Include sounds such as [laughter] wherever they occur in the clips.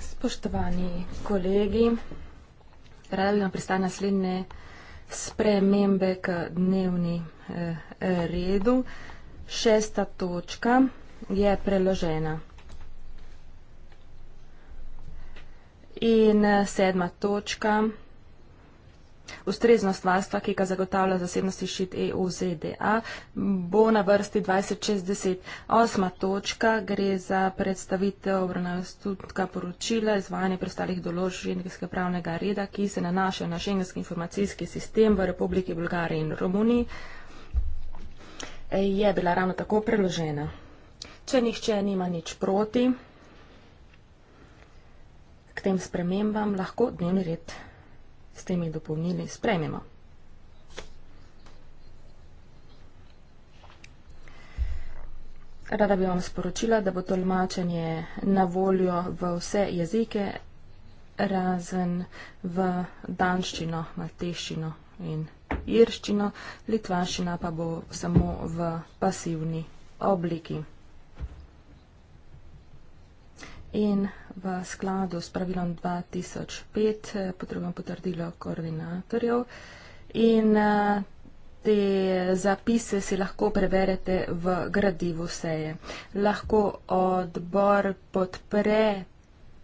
Spoštovani kolegi, rada bi vam predstavila naslednje spremembe k dnevni eh, redu. Šesta točka je preložena. In eh, sedma točka ustreznost varstva, ki ga zagotavlja zasebnosti šit EU ZDA, bo na vrsti 2068. točka, gre za predstavitev obranavstutka poročila, izvajanje prestalih dolož šengenskega pravnega reda, ki se nanašajo na šengenski informacijski sistem v Republiki Bulgariji in Romuniji, je bila ravno tako preložena. Če nihče nima nič proti, k tem spremembam lahko dnevni red s temi dopolnili sprejmemo. Rada bi vam sporočila, da bo tolmačenje na voljo v vse jezike, razen v danščino, malteščino in irščino, litvaščina pa bo samo v pasivni obliki in v skladu s pravilom 2005 eh, potrebujemo potrdilo koordinatorjev in eh, te zapise si lahko preverite v gradivu seje. Lahko odbor podpre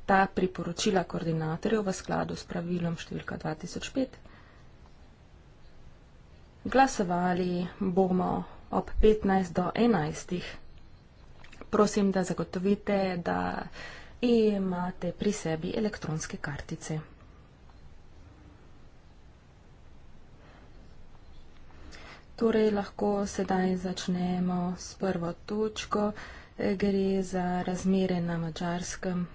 ta priporočila koordinatorjev v skladu s pravilom številka 2005. Glasovali bomo ob 15 do 11 prosim, da zagotovite, da imate pri sebi elektronske kartice. Torej lahko sedaj začnemo s prvo točko. Gre za razmere na mačarskem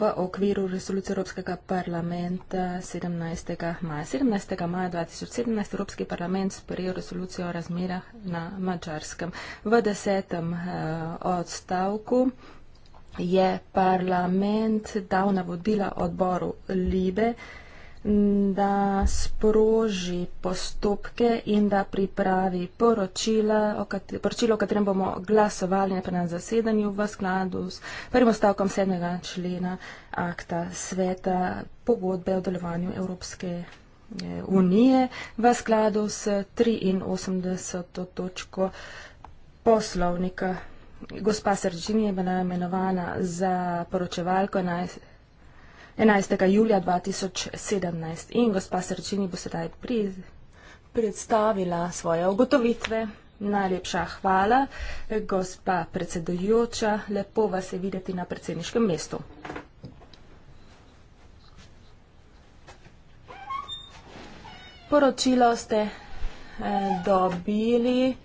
v okviru resolucije Evropskega parlamenta 17. maja. 17. maja 2017 Evropski parlament sprejel resolucijo o razmerah na mačarskem. V desetem eh, odstavku je parlament dal navodila odboru Libe, da sproži postopke in da pripravi poročila, o kateri, poročilo, o katerem bomo glasovali na zasedanju v skladu s prvim stavkom 7. člena akta sveta pogodbe o delovanju Evropske eh, unije v skladu s 83. točko poslovnika. Gospa Srdžini je bila imenovana za poročevalko 11. 11. julija 2017. In gospa Srčini bo sedaj pri... predstavila svoje ugotovitve. Najlepša hvala, gospa predsedujoča, lepo vas je videti na predsedniškem mestu. Poročilo ste eh, dobili,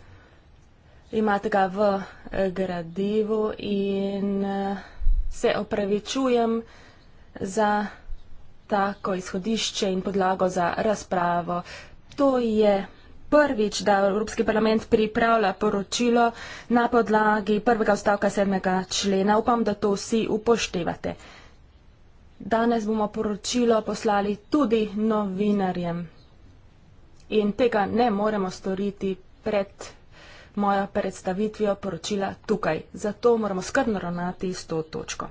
imate ga v eh, gradivu in eh, se opravičujem, da za tako izhodišče in podlago za razpravo. To je prvič, da Evropski parlament pripravlja poročilo na podlagi prvega ustavka 7. člena. Upam, da to vsi upoštevate. Danes bomo poročilo poslali tudi novinarjem. In tega ne moremo storiti pred mojo predstavitvijo poročila tukaj. Zato moramo skrbno ravnati s to točko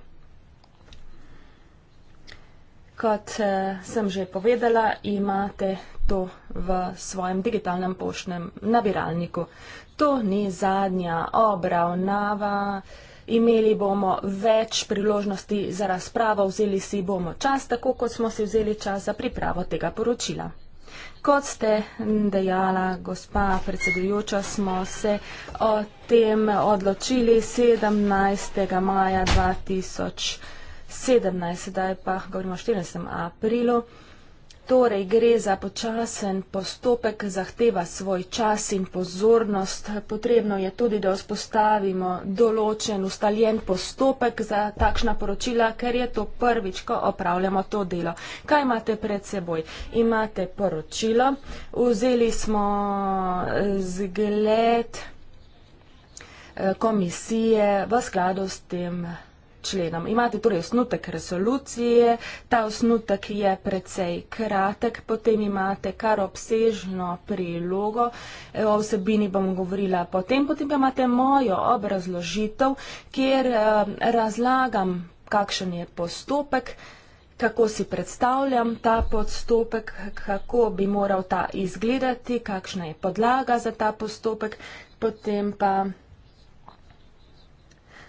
kot eh, sem že povedala, imate to v svojem digitalnem poštnem nabiralniku. To ni zadnja obravnava. Imeli bomo več priložnosti za razpravo, vzeli si bomo čas, tako kot smo si vzeli čas za pripravo tega poročila. Kot ste dejala, gospa predsedujoča, smo se o tem odločili 17. maja 2020. 17, sedaj pa govorimo o 14. aprilu. Torej, gre za počasen postopek, zahteva svoj čas in pozornost. Potrebno je tudi, da vzpostavimo določen, ustaljen postopek za takšna poročila, ker je to prvič, ko opravljamo to delo. Kaj imate pred seboj? Imate poročilo. Vzeli smo eh, zgled eh, komisije v skladu s tem členom. Imate torej osnutek resolucije, ta osnutek je precej kratek, potem imate kar obsežno prilogo, e, o vsebini bom govorila potem, potem pa imate mojo obrazložitev, kjer e, razlagam, kakšen je postopek, kako si predstavljam ta postopek, kako bi moral ta izgledati, kakšna je podlaga za ta postopek, potem pa...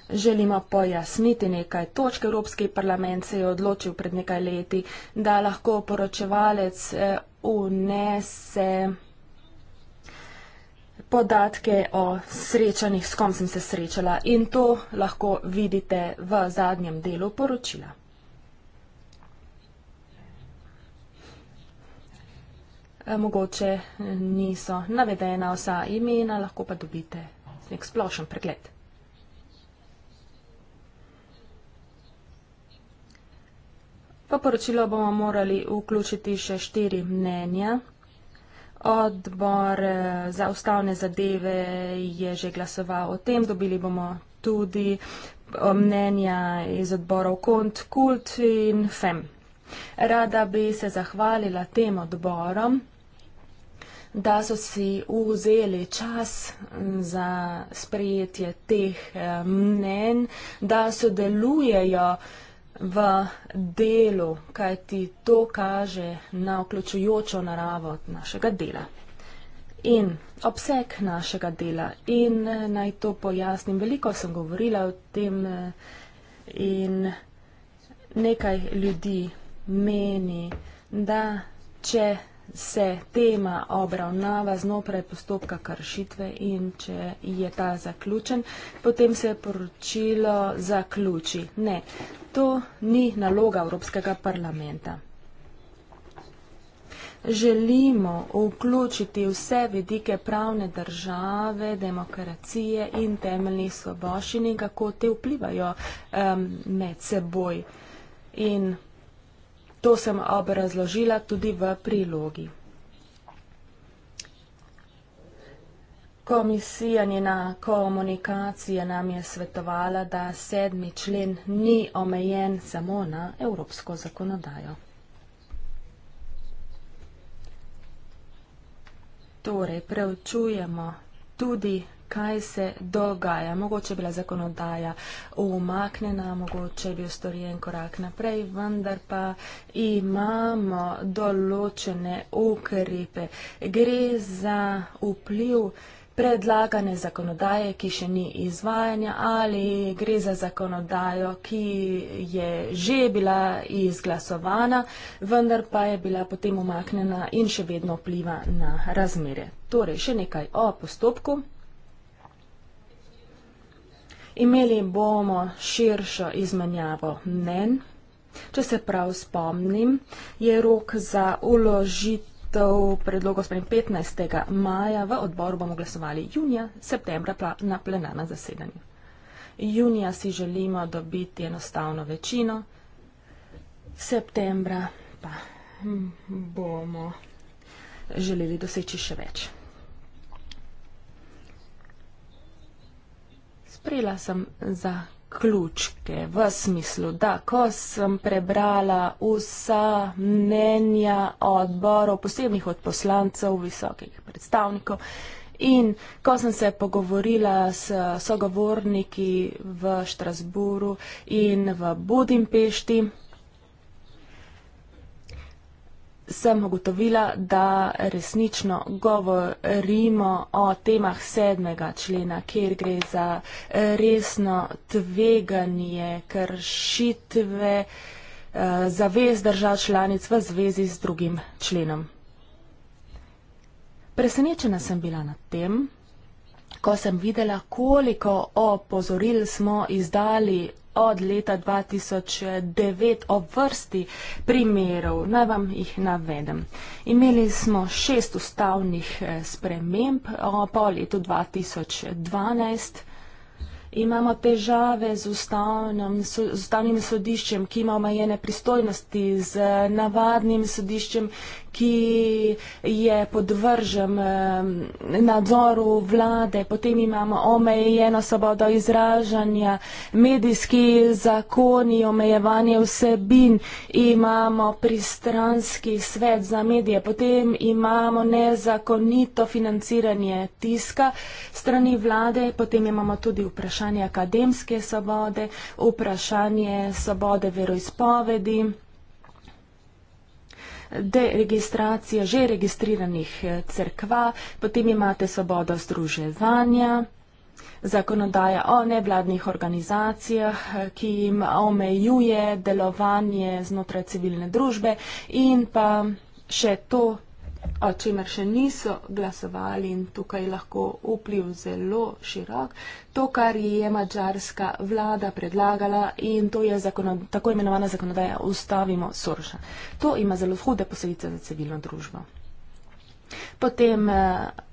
Želimo pojasniti nekaj točk. Evropski parlament se je odločil pred nekaj leti, da lahko poročevalec eh, unese podatke o srečanjih, s kom sem se srečala. In to lahko vidite v zadnjem delu poročila. Eh, mogoče niso navedena vsa imena, lahko pa dobite nek splošen pregled. V poročilo bomo morali vključiti še štiri mnenja. Odbor eh, za ustavne zadeve je že glasoval o tem, dobili bomo tudi eh, mnenja iz odborov KONT, KULT in FEM. Rada bi se zahvalila tem odborom, da so si vzeli čas mm, za sprejetje teh eh, mnen, da sodelujejo v delu, kajti to kaže na vključujočo naravo našega dela. In obseg našega dela. In eh, naj to pojasnim. Veliko sem govorila o tem eh, in nekaj ljudi meni, da če se tema obravnava znotraj postopka kršitve in če je ta zaključen, potem se poročilo zaključi. Ne, to ni naloga Evropskega parlamenta. Želimo vključiti vse vidike pravne države, demokracije in temeljnih svoboščin in kako te vplivajo um, med seboj. In To sem obrazložila tudi v prilogi. Komisija njena komunikacija nam je svetovala, da sedmi člen ni omejen samo na evropsko zakonodajo. Torej, preučujemo tudi kaj se dogaja. Mogoče je bila zakonodaja umaknjena, mogoče je bil storjen korak naprej, vendar pa imamo določene ukrepe. Gre za vpliv predlagane zakonodaje, ki še ni izvajanja ali gre za zakonodajo, ki je že bila izglasovana, vendar pa je bila potem umaknjena in še vedno vpliva na razmere. Torej, še nekaj o postopku. Imeli bomo širšo izmenjavo mnen. Če se prav spomnim, je rok za uložitev predlogov sprem 15. maja v odboru bomo glasovali junija, septembra pa na plenarno zasedanje. Junija si želimo dobiti enostavno večino, septembra pa hm, bomo želeli doseči še več. Prela sem za ključke v smislu, da ko sem prebrala vsa mnenja odborov, posebnih od poslancev, visokih predstavnikov in ko sem se pogovorila s sogovorniki v Štrasburu in v Budimpešti, sem ugotovila, da resnično govorimo o temah sedmega člena, kjer gre za resno tveganje, kršitve, eh, zavez držav članic v zvezi z drugim členom. Presenečena sem bila nad tem, ko sem videla, koliko opozoril smo izdali od leta 2009 o vrsti primerov. Naj vam jih navedem. Imeli smo šest ustavnih eh, sprememb po letu 2012. Imamo težave z, ustavnem, z ustavnim sodiščem, ki ima omejene pristojnosti, z navadnim sodiščem, ki je podvržen eh, nadzoru vlade, potem imamo omejeno svobodo izražanja, medijski zakoni, omejevanje vsebin, imamo pristranski svet za medije, potem imamo nezakonito financiranje tiska strani vlade, potem imamo tudi vprašanje akademske svobode, vprašanje svobode veroizpovedi deregistracija že registriranih eh, crkva, potem imate svobodo združevanja, zakonodaja o nevladnih organizacijah, eh, ki jim omejuje delovanje znotraj civilne družbe in pa še to o čemer še niso glasovali in tukaj lahko vpliv zelo širok, to, kar je mačarska vlada predlagala in to je zakonod, tako imenovana zakonodaja Ustavimo Sorša. To ima zelo hude posledice za civilno družbo. Potem eh,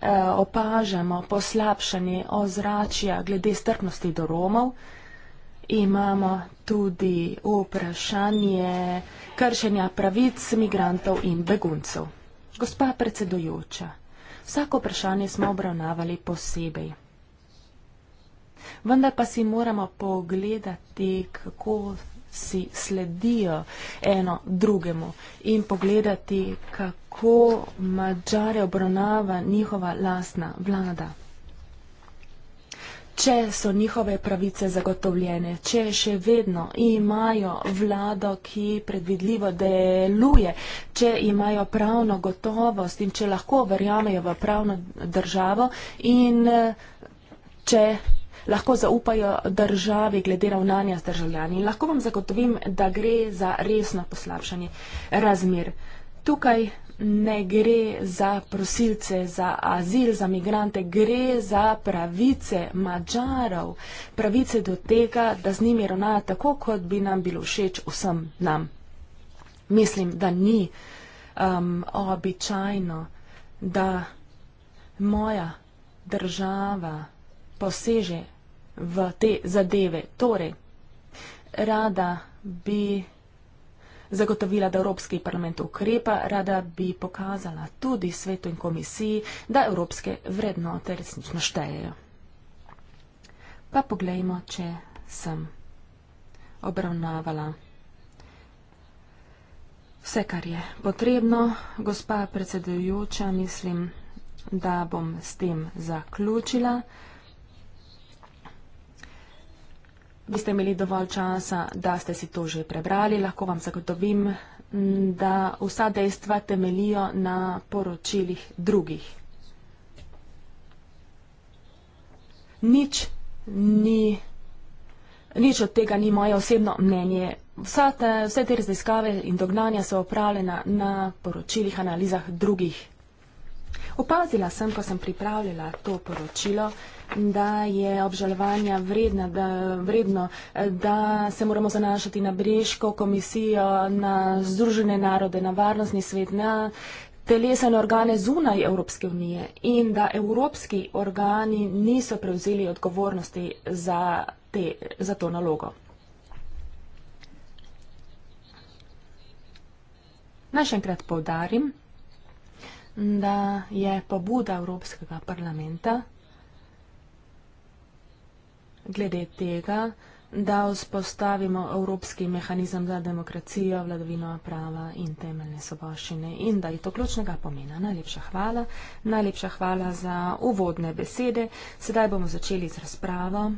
eh, opažamo poslabšanje ozračja glede strpnosti do Romov. Imamo tudi vprašanje kršenja pravic migrantov in beguncev. Gospa predsedojoča, vsako vprašanje smo obravnavali posebej. Vendar pa si moramo pogledati, kako si sledijo eno drugemu in pogledati, kako Mačare obravnava njihova lasna vlada če so njihove pravice zagotovljene, če še vedno imajo vlado, ki predvidljivo deluje, če imajo pravno gotovost in če lahko verjamejo v pravno državo in če lahko zaupajo državi glede ravnanja z državljani. Lahko vam zagotovim, da gre za resno poslabšanje razmer. Tukaj ne gre za prosilce, za azil, za migrante, gre za pravice mačarov, pravice do tega, da z njimi ravnajo tako, kot bi nam bilo všeč vsem nam. Mislim, da ni um, običajno, da moja država poseže v te zadeve. Torej, rada bi zagotovila, da Evropski parlament ukrepa, rada bi pokazala tudi svetu in komisiji, da evropske vrednote resnično štejejo. Pa poglejmo, če sem obravnavala vse, kar je potrebno. Gospa predsedujoča, mislim, da bom s tem zaključila. Vi ste imeli dovolj časa, da ste si to že prebrali. Lahko vam zagotovim, da vsa dejstva temelijo na poročilih drugih. Nič, ni, nič od tega ni moje osebno mnenje. Vsa te, vse te raziskave in dognanja so opravljena na poročilih, analizah drugih. Opazila sem, ko sem pripravljala to poročilo, da je obžalovanja vredna, da, vredno, da se moramo zanašati na Breško komisijo, na Združene narode, na Varnostni svet, na telesene organe zunaj Evropske unije in da evropski organi niso prevzeli odgovornosti za, te, za to nalogo. Naj še enkrat povdarim, da je pobuda Evropskega parlamenta glede tega, da vzpostavimo evropski mehanizem za demokracijo, vladavino prava in temeljne soboščine in da je to ključnega pomena. Najlepša hvala. Najlepša hvala za uvodne besede. Sedaj bomo začeli z razpravo.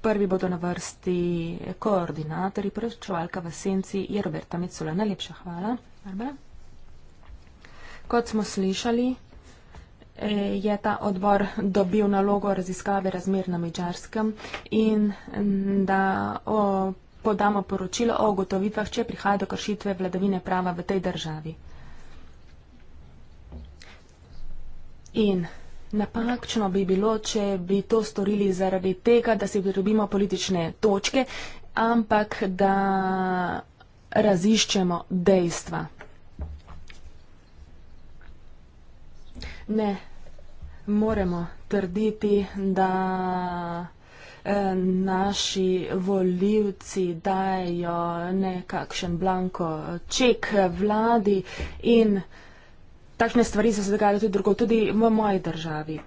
Prvi bodo na vrsti koordinatorji, prvčevalka v senci je Roberta Mecula. Najlepša hvala. Barbara. Kot smo slišali, E, je ta odbor dobil nalogo raziskave razmer na Mečarskem in da o, podamo poročilo o ugotovitvah, če prihaja do kršitve vladavine prava v tej državi. In napakčno bi bilo, če bi to storili zaradi tega, da si pridobimo politične točke, ampak da raziščemo dejstva. ne moremo trditi, da eh, naši voljivci dajo nekakšen blanko ček vladi in takšne stvari so se dogajale tudi drugo, tudi v moji državi.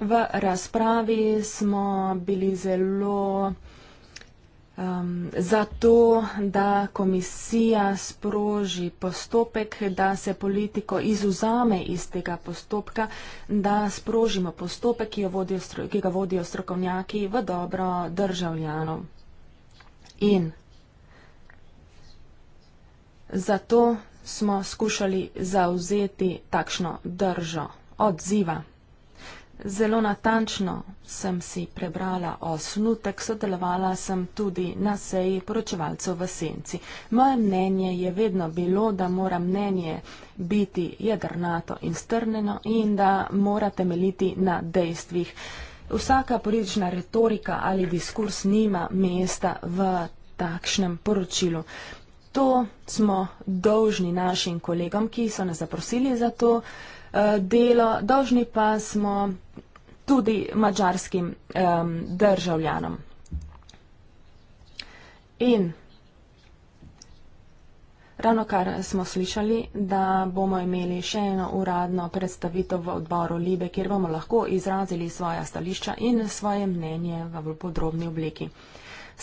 V razpravi smo bili zelo Um, zato, da komisija sproži postopek, da se politiko izuzame iz tega postopka, da sprožimo postopek, ki, vodijo, ki ga vodijo strokovnjaki v dobro državljanov. In zato smo skušali zauzeti takšno držo odziva. Zelo natančno sem si prebrala osnutek, sodelovala sem tudi na seji poročevalcev v senci. Moje mnenje je vedno bilo, da mora mnenje biti jedrnato in strneno in da mora temeliti na dejstvih. Vsaka politična retorika ali diskurs nima mesta v takšnem poročilu. To smo dolžni našim kolegom, ki so nas zaprosili za to. Uh, Eh, delo, dolžni pa smo tudi mačarskim um, državljanom. In ravno kar smo slišali, da bomo imeli še eno uradno predstavitev v odboru Libe, kjer bomo lahko izrazili svoja stališča in svoje mnenje v podrobni obliki.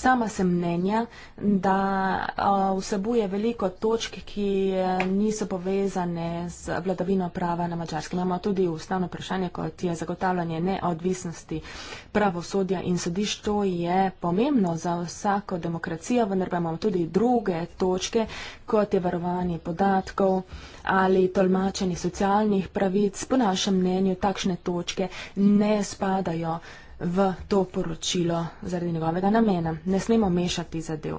Sama sem mnenja, da vsebuje veliko točk, ki e, niso povezane z vladavino prava na mačarskem. Imamo tudi ustavno vprašanje, kot je zagotavljanje neodvisnosti pravosodja in sodišč. To je pomembno za vsako demokracijo, vendar pa imamo tudi druge točke, kot je varovanje podatkov ali tolmačenje socialnih pravic. Po našem mnenju takšne točke ne spadajo v to poročilo zaradi njegovega namena. Ne smemo mešati zadev.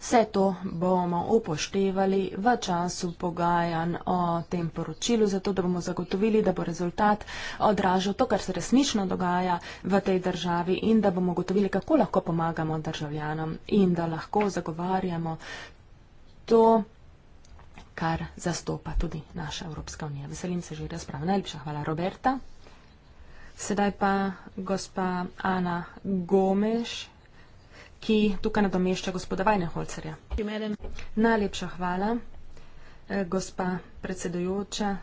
Vse to bomo upoštevali v času pogajanj o tem poročilu, zato da bomo zagotovili, da bo rezultat odražal to, kar se resnično dogaja v tej državi in da bomo gotovili, kako lahko pomagamo državljanom in da lahko zagovarjamo to, kar zastopa tudi naša Evropska unija. Veselim se že razprave. Najlepša hvala, Roberta. Sedaj pa gospa Ana Gomeš, ki tukaj nadomešča gospoda Vajneholcerja. Najlepša hvala, eh, gospa predsedujoča.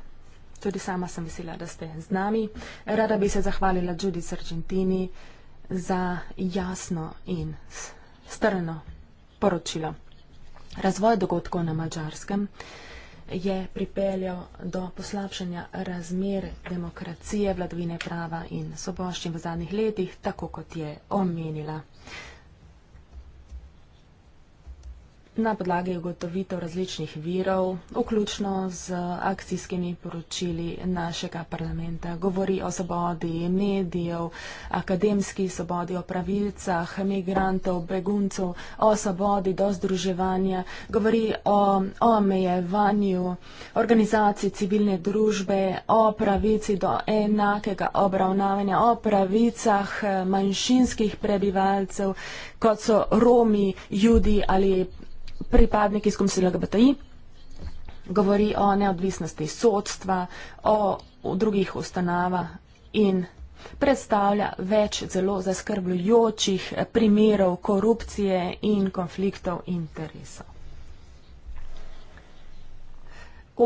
Tudi sama sem vesela, da ste z nami. Rada bi se zahvalila Judith Argentini za jasno in strno poročilo. Razvoj dogodkov na Mačarskem je pripeljal do poslabšanja razmer demokracije, vladovine prava in soboščin v zadnjih letih, tako kot je omenila. Na podlagi ugotovitev različnih virov, vključno z akcijskimi poročili našega parlamenta, govori o svobodi medijev, akademski svobodi, o pravicah migrantov, beguncev, o svobodi do združevanja, govori o omejevanju organizacij civilne družbe, o pravici do enakega obravnavanja, o pravicah eh, manjšinskih prebivalcev, kot so Romi, Judi ali pripadniki skupnosti LGBTI, govori o neodvisnosti sodstva, o drugih ustanovah in predstavlja več zelo zaskrbljujočih primerov korupcije in konfliktov interesov.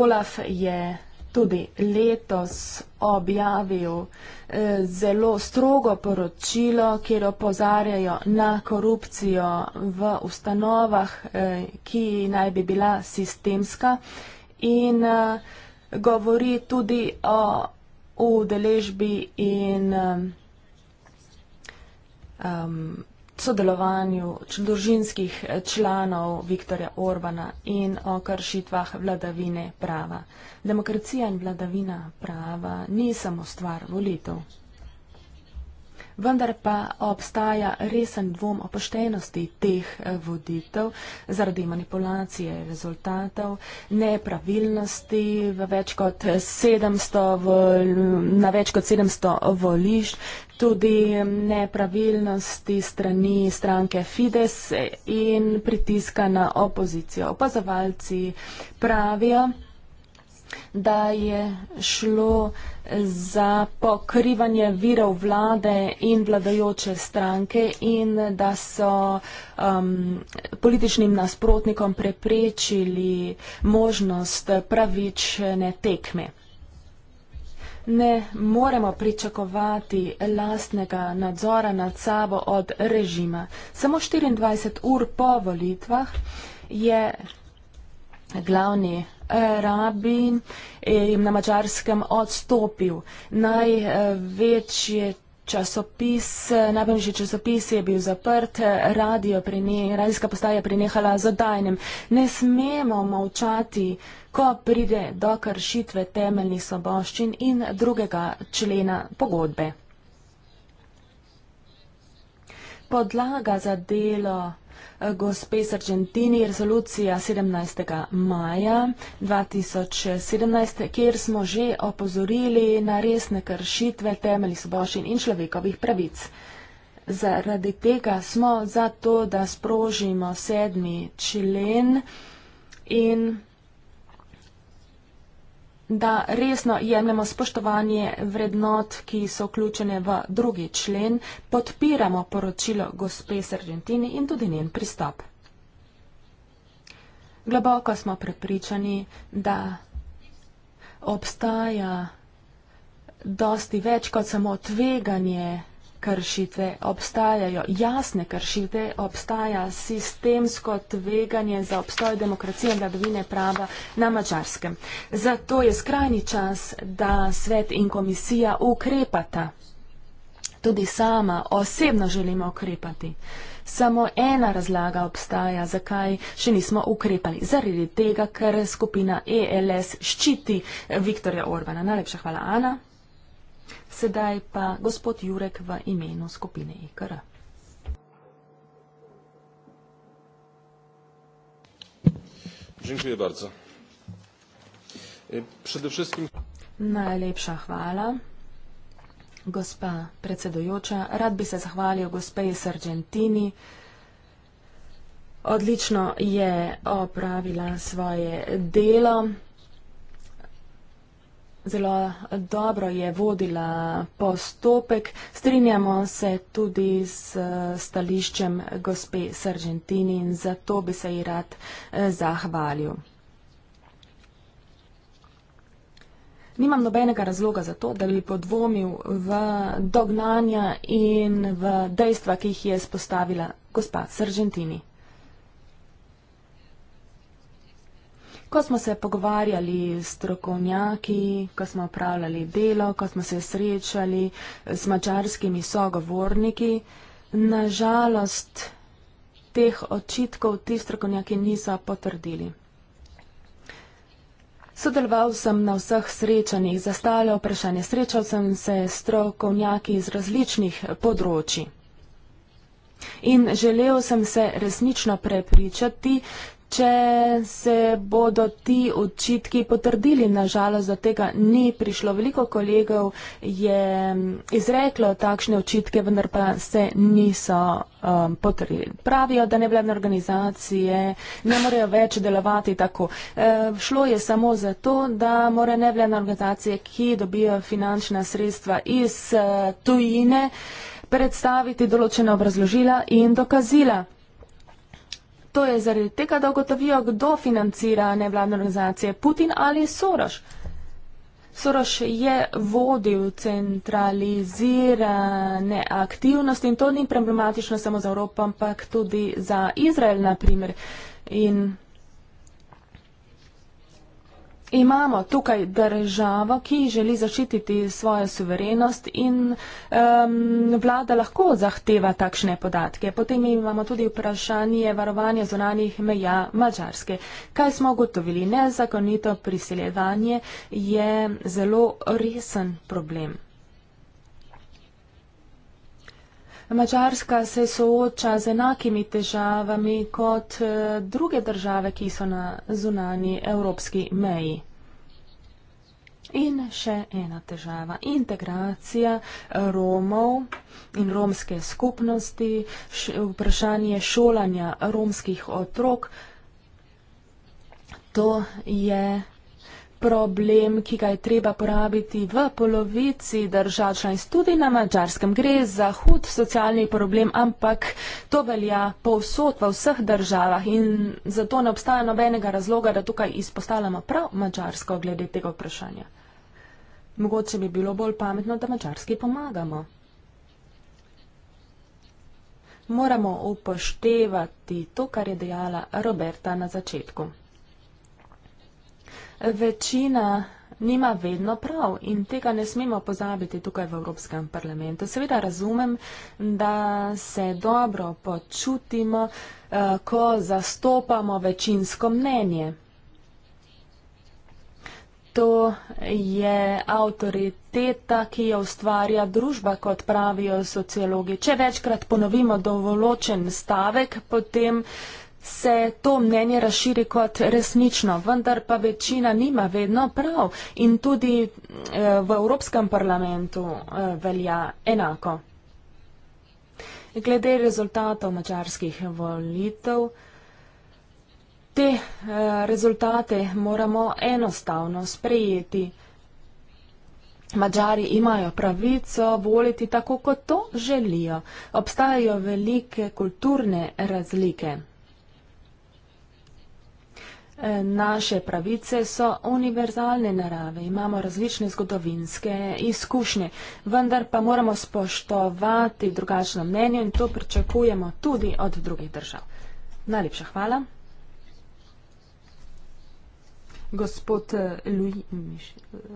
Olaf je tudi letos objavil eh, zelo strogo poročilo, kjer opozarjajo na korupcijo v ustanovah, eh, ki naj bi bila sistemska in eh, govori tudi o udeležbi in um, sodelovanju družinskih članov Viktorja Orbana in o kršitvah vladavine prava. Demokracija in vladavina prava ni samo stvar volitev vendar pa obstaja resen dvom o poštenosti teh eh, voditev zaradi manipulacije rezultatov, nepravilnosti v več kot 700 vol, na več kot 700 volišč, tudi nepravilnosti strani stranke Fides in pritiska na opozicijo. Opazovalci pravijo, da je šlo za pokrivanje virov vlade in vladajoče stranke in da so um, političnim nasprotnikom preprečili možnost pravične tekme. Ne moremo pričakovati lastnega nadzora nad sabo od režima. Samo 24 ur po volitvah je glavni rabin na mačarskem odstopil. Največje časopis, najpomembnejši časopis je bil zaprt, radio ne, radijska postaja je prenehala z oddajanjem. Ne smemo molčati, ko pride do kršitve temeljnih soboščin in drugega člena pogodbe. Podlaga za delo gospe Sargentini, rezolucija 17. maja 2017, kjer smo že opozorili na resne kršitve temeljih svoboščin in človekovih pravic. Zaradi tega smo za to, da sprožimo sedmi člen in da resno jemljemo spoštovanje vrednot, ki so vključene v drugi člen, podpiramo poročilo gospe Sargentini in tudi njen pristop. Globoko smo prepričani, da obstaja dosti več kot samo tveganje kršitve obstajajo, jasne kršitve, obstaja sistemsko tveganje za obstoj demokracije in vladavine prava na mačarskem. Zato je skrajni čas, da svet in komisija ukrepata. Tudi sama osebno želimo ukrepati. Samo ena razlaga obstaja, zakaj še nismo ukrepali. Zaradi tega, ker skupina ELS ščiti Viktorja Orbana. Najlepša hvala, Ana. Sedaj pa gospod Jurek v imenu skupine IKR. E Dziękuję bardzo. E, przede wszystkim. Najlepsza chwała. Gospa predsedujoča, rad bi se zahvalil gospeji iz Argentini. Odlično je opravila svoje delo zelo dobro je vodila postopek. Strinjamo se tudi s eh, stališčem gospe Sargentini in zato bi se ji rad eh, zahvalil. Nimam nobenega razloga za to, da bi podvomil v dognanja in v dejstva, ki jih je spostavila gospa Sargentini. Ko smo se pogovarjali s strokovnjaki, ko smo upravljali delo, ko smo se srečali s mačarskimi sogovorniki, nažalost teh očitkov ti strokovnjaki niso potrdili. Sodeloval sem na vseh srečanjih, zastavljal vprašanje, srečal sem se s strokovnjaki iz različnih področji. In želel sem se resnično prepričati, Če se bodo ti očitki potrdili, nažalost, da tega ni prišlo. Veliko kolegov je mm, izreklo takšne očitke, vendar pa se niso um, potrdili. Pravijo, da nevladne organizacije ne morejo več delovati tako. E, šlo je samo zato, da more nevladne organizacije, ki dobijo finančna sredstva iz uh, tujine, predstaviti določena obrazložila in dokazila to je zaradi tega, da ugotovijo, kdo financira nevladne organizacije, Putin ali Soros. Soros je vodil centralizirane aktivnosti in to ni problematično samo za Evropo, ampak tudi za Izrael, naprimer. In Imamo tukaj državo, ki želi zaščititi svojo suverenost in um, vlada lahko zahteva takšne podatke. Potem imamo tudi vprašanje varovanja zunanjih meja Mačarske. Kaj smo ugotovili? Nezakonito priseljevanje je zelo resen problem. Mačarska se sooča z enakimi težavami kot eh, druge države, ki so na zunani evropski meji. In še ena težava. Integracija Romov in romske skupnosti, vprašanje šolanja romskih otrok. To je problem, ki ga je treba porabiti v polovici držav članic. Tudi na mačarskem gre za hud socialni problem, ampak to velja povsod v vseh državah in zato ne obstaja nobenega razloga, da tukaj izpostavljamo prav mačarsko glede tega vprašanja. Mogoče bi bilo bolj pametno, da mačarski pomagamo. Moramo upoštevati to, kar je dejala Roberta na začetku večina nima vedno prav in tega ne smemo pozabiti tukaj v Evropskem parlamentu. Seveda razumem, da se dobro počutimo, eh, ko zastopamo večinsko mnenje. To je avtoriteta, ki jo ustvarja družba, kot pravijo sociologi. Če večkrat ponovimo določen stavek, potem uh, se to mnenje razširi kot resnično, vendar pa večina nima vedno prav in tudi eh, v Evropskem parlamentu eh, velja enako. Glede rezultatov mačarskih volitev, te eh, rezultate moramo enostavno sprejeti. Mačari imajo pravico voliti tako, kot to želijo. Obstajajo velike kulturne razlike. Eh, naše pravice so univerzalne narave, imamo različne zgodovinske izkušnje, vendar pa moramo spoštovati drugačno mnenje in to pričakujemo tudi od drugih držav. Najlepša hvala. Gospod eh, Louis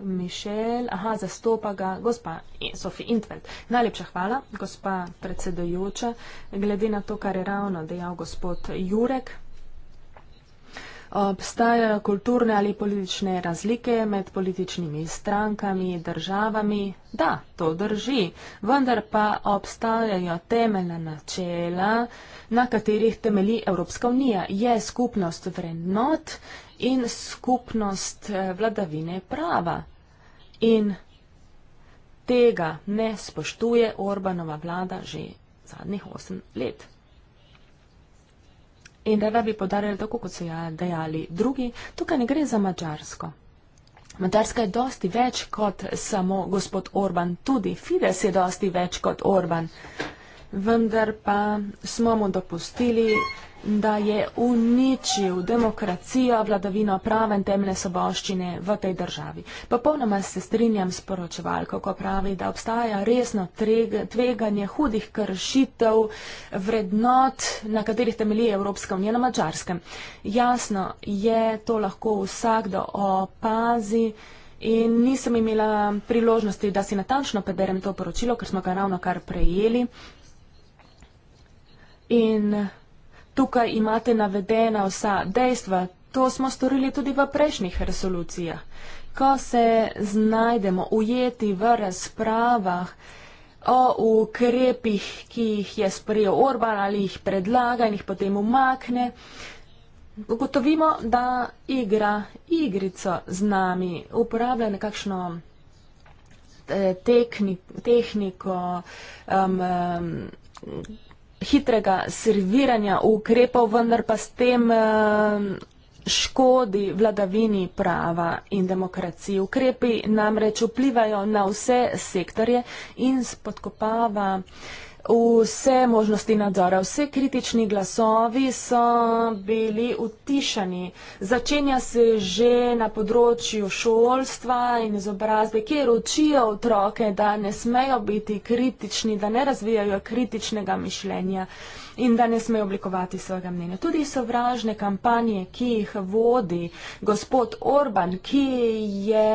Michel, aha, zastopa ga gospa Sofie Intveld. Najlepša hvala, gospa predsedojoča, glede na to, kar je ravno dejal gospod Jurek obstajajo kulturne ali politične razlike med političnimi strankami in državami? Da, to drži. Vendar pa obstajajo temeljna načela, na katerih temelji Evropska unija. Je skupnost vrednot in skupnost eh, vladavine prava. In tega ne spoštuje Orbanova vlada že zadnjih osem let in rada bi podarila tako, kot so ja dejali drugi, tukaj ne gre za Mačarsko. Mačarska je dosti več kot samo gospod Orban, tudi Fides je dosti več kot Orban. Vendar pa smo mu dopustili, da je uničil demokracijo, vladavino prava in temne soboščine v tej državi. Popolnoma se strinjam s poročevalko, ko pravi, da obstaja resno tveganje hudih kršitev vrednot, na katerih temelji Evropska unija na Mačarskem. Jasno je, to lahko vsakdo opazi. In nisem imela priložnosti, da si natančno preberem to poročilo, ker smo ga ravno kar prejeli. In Tukaj imate navedena vsa dejstva. To smo storili tudi v prejšnjih resolucijah. Ko se znajdemo ujeti v razpravah o ukrepih, ki jih je sprejel Orban ali jih predlaga in jih potem umakne, ugotovimo, da igra igrico z nami, uporablja nekakšno eh, tehnik, tehniko. Um, um, hitrega serviranja ukrepov, vendar pa s tem eh, škodi vladavini prava in demokraciji. Ukrepi namreč vplivajo na vse sektorje in spodkopava vse možnosti nadzora, vse kritični glasovi so bili utišani. Začenja se že na področju šolstva in izobrazbe, kjer učijo otroke, da ne smejo biti kritični, da ne razvijajo kritičnega mišljenja in da ne smejo oblikovati svojega mnenja. Tudi sovražne kampanje, ki jih vodi gospod Orban, ki je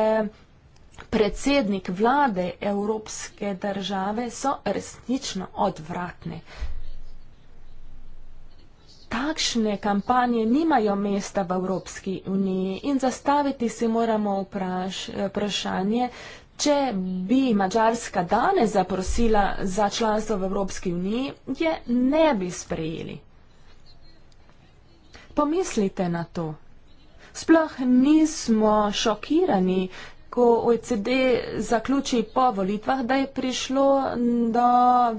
predsednik vlade Evropske države so resnično odvratne. Takšne kampanje nimajo mesta v Evropski uniji in zastaviti si moramo vpraš, vprašanje, če bi Mačarska danes zaprosila za članstvo v Evropski uniji, je ne bi sprejeli. Pomislite na to. Sploh nismo šokirani, ko OECD zaključi po volitvah, da je prišlo do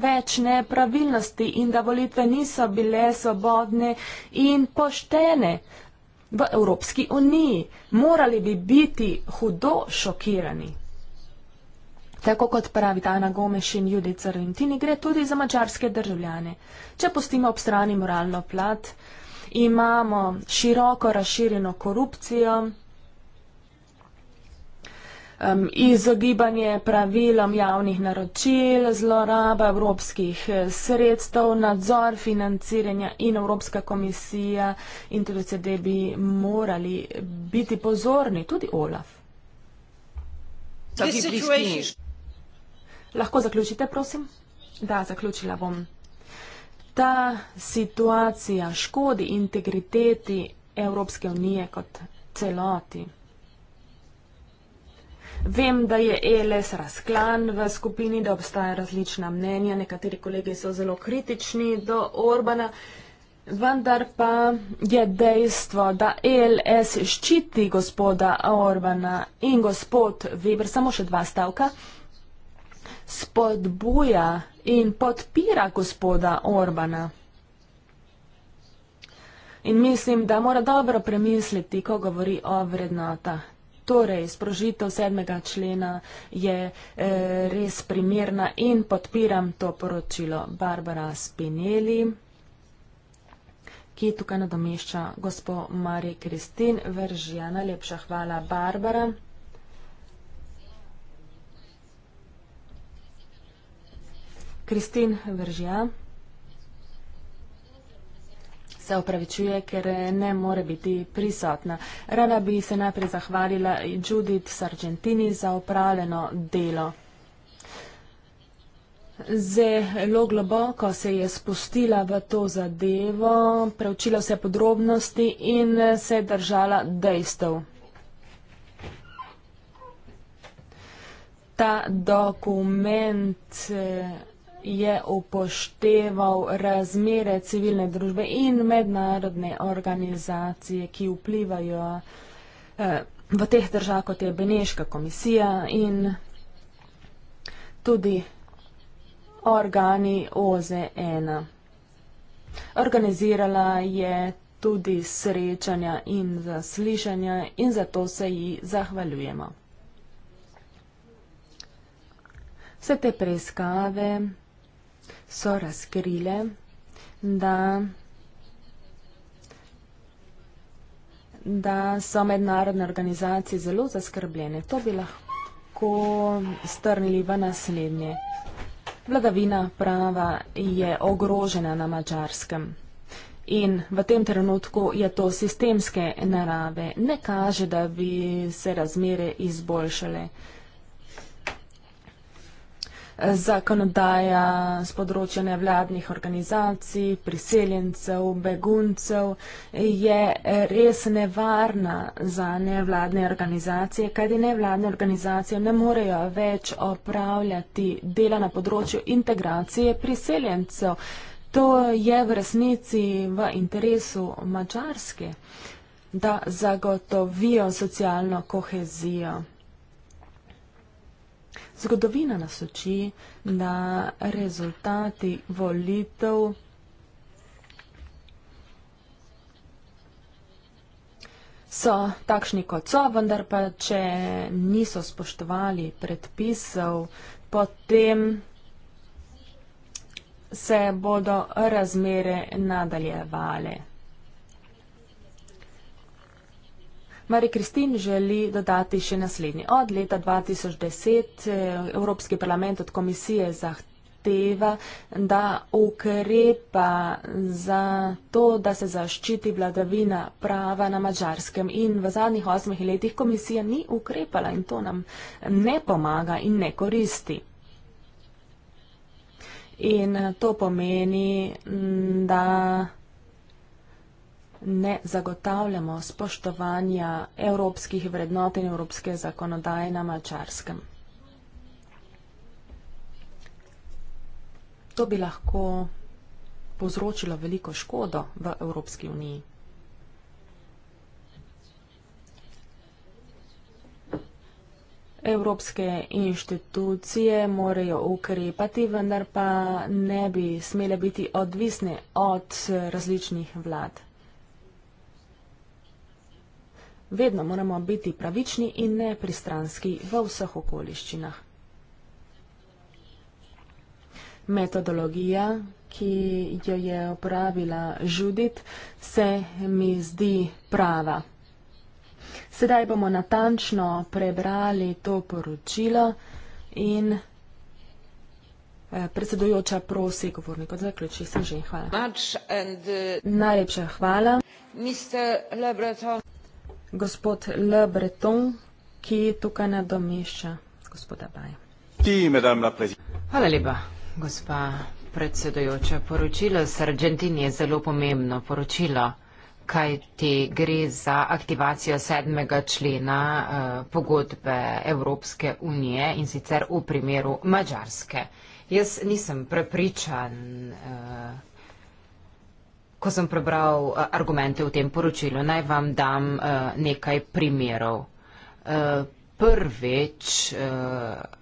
več nepravilnosti in da volitve niso bile svobodne in poštene v Evropski uniji. Morali bi biti hudo šokirani. Tako kot pravi Dana Gomeš in Judy Cervintini, gre tudi za mačarske državljane. Če pustimo ob strani moralno plat, imamo široko razširjeno korupcijo, um, izogibanje pravilom javnih naročil, zloraba evropskih eh, sredstev, nadzor financiranja in Evropska komisija in tudi CD bi morali biti pozorni, tudi Olaf. Lahko zaključite, prosim? Da, zaključila bom. Ta situacija škodi integriteti Evropske unije kot celoti. Vem, da je ELS razklan v skupini, da obstaja različna mnenja, nekateri kolegi so zelo kritični do Orbana, vendar pa je dejstvo, da ELS ščiti gospoda Orbana in gospod Weber, samo še dva stavka, spodbuja in podpira gospoda Orbana. In mislim, da mora dobro premisliti, ko govori o vrednotah Torej, sprožitev sedmega člena je eh, res primerna in podpiram to poročilo Barbara Spinelli, ki tukaj nadomešča gospo Mari Kristin Veržjana. Lepša hvala, Barbara. Kristin Veržjana se opravičuje, ker ne more biti prisotna. Rada bi se najprej zahvalila Judith Sargentini za upravljeno delo. Zelo globoko se je spustila v to zadevo, preučila vse podrobnosti in se držala dejstev. Ta dokument. Eh, je upošteval razmere civilne družbe in mednarodne organizacije, ki vplivajo eh, v teh držav, kot je Beneška komisija in tudi organi OZN. Organizirala je tudi srečanja in zaslišanja in zato se ji zahvaljujemo. Vse te preiskave so razkrile, da, da so mednarodne organizacije zelo zaskrbljene. To bi lahko strnili v naslednje. Vladavina prava je ogrožena na mačarskem. In v tem trenutku je to sistemske narave. Ne kaže, da bi se razmere izboljšale zakonodaja z področja nevladnih organizacij, priseljencev, beguncev je res nevarna za nevladne organizacije, kajti nevladne organizacije ne morejo več opravljati dela na področju integracije priseljencev. To je v resnici v interesu Mačarske, da zagotovijo socialno kohezijo. Zgodovina nas uči, da rezultati volitev so takšni, kot so, vendar pa, če niso spoštovali predpisov, potem se bodo razmere nadaljevale. Marija Kristin želi dodati še naslednji. Od leta 2010 eh, Evropski parlament od komisije zahteva, da ukrepa za to, da se zaščiti vladavina prava na mačarskem. In v zadnjih osmih letih komisija ni ukrepala in to nam ne pomaga in ne koristi. In eh, to pomeni, da ne zagotavljamo spoštovanja evropskih vrednot in evropske zakonodaje na Mačarskem. To bi lahko povzročilo veliko škodo v Evropski uniji. Evropske inštitucije morajo ukrepati, vendar pa ne bi smele biti odvisne od različnih vlad vedno moramo biti pravični in nepristranski v vseh okoliščinah. Metodologija, ki jo je uporabila Judith, se mi zdi prava. Sedaj bomo natančno prebrali to poročilo in eh, predsedujoča prosi govornik odzaključi se že. Hvala. Eh, Najlepša hvala. Mr. Labrador gospod Le Breton, ki tukaj nadomešča gospoda Baja. Hvala lepa, gospa predsedujoča. Poročilo s Argentini je zelo pomembno poročilo, kaj ti gre za aktivacijo sedmega člena eh, pogodbe Evropske unije in sicer v primeru Mačarske. Jaz nisem prepričan. Eh, ko sem prebral eh, argumente v tem poročilu. Naj vam dam eh, nekaj primerov. Eh, prvič,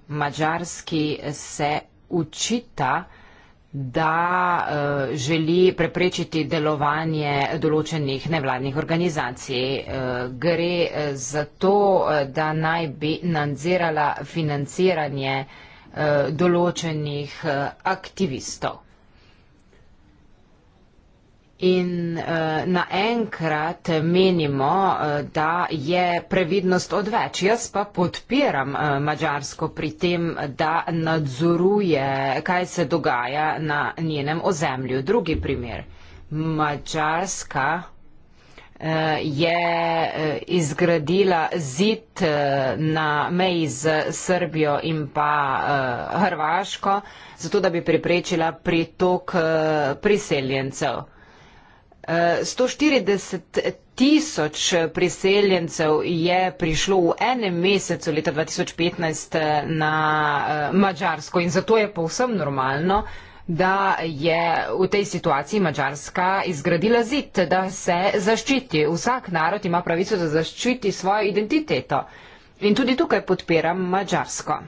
mađarski se učita, da želi preprečiti delovanje določenih nevladnih organizacij. Gre za to, da naj bi nadzirala financiranje določenih aktivistov. In uh, naenkrat menimo, uh, da je previdnost odveč. Jaz pa podpiram uh, eh, Mačarsko pri tem, da nadzoruje, kaj se dogaja na njenem ozemlju. Drugi primer. Mačarska uh, je uh, izgradila zid uh, na meji z Srbijo in pa uh, Hrvaško, zato da bi priprečila pritok uh, priseljencev. 140 tisoč priseljencev je prišlo v enem mesecu leta 2015 eh, na eh, Mačarsko in zato je povsem normalno, da je v tej situaciji Mačarska izgradila zid, da se zaščiti. Vsak narod ima pravico, da zaščiti svojo identiteto. In tudi tukaj podpiram Mačarsko.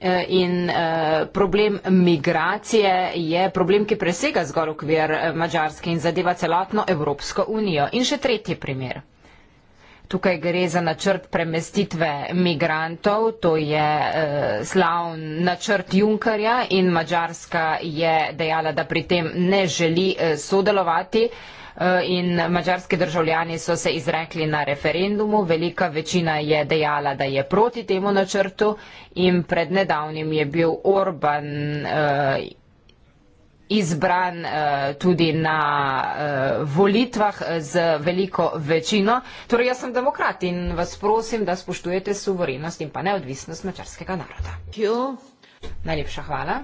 Eh, in eh, problem migracije je problem, ki presega zgor okvir eh, Mačarske in zadeva celotno Evropsko unijo. In še tretji primer. Tukaj gre za načrt premestitve migrantov, to je uh, slavn načrt Junkarja in Mačarska je dejala, da pri tem ne želi uh, sodelovati. Uh, Eh, in mačarski državljani so se izrekli na referendumu, velika večina je dejala, da je proti temu načrtu in pred nedavnim je bil Orban eh, izbran eh, tudi na volitvah z veliko večino. Torej, jaz sem demokrat in vas prosim, da spoštujete suverenost in pa neodvisnost mačarskega naroda. Najlepša hvala.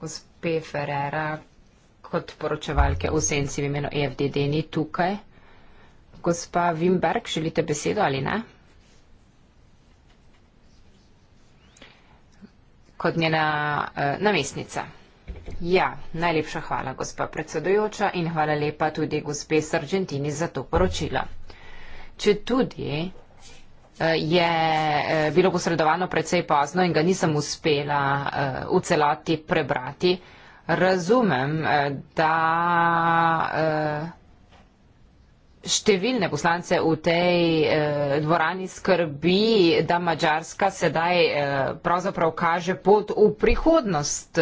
Gospe Ferrera, kot poročevalke v senci v imenu EFDD ni tukaj. Gospa Wimberg, želite besedo ali ne? Kot njena eh, namestnica. Ja, najlepša hvala, gospa predsedojoča, in hvala lepa tudi gospe Sargentini za to poročilo. Če tudi eh, je eh, bilo posredovano predvsej pozno in ga nisem uspela eh, v celoti prebrati, razumem, eh, da eh, številne poslance v tej eh, dvorani skrbi, da Mačarska sedaj pravzaprav kaže pot v prihodnost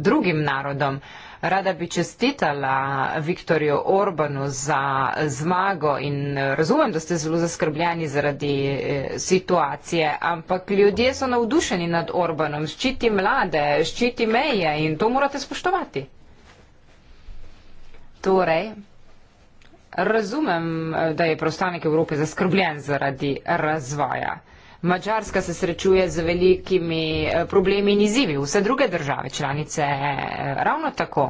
drugim narodom rada bi čestitala Viktorju Orbanu za zmago in eh, razumem, da ste zelo zaskrbljeni zaradi eh, situacije, ampak ljudje so navdušeni nad Orbanom, ščiti mlade, ščiti meje in to morate spoštovati. Torej, razumem, eh, da je preostanek Evrope zaskrbljen zaradi razvoja. Mačarska se srečuje z velikimi eh, problemi in izzivi, vse druge države članice eh, ravno tako.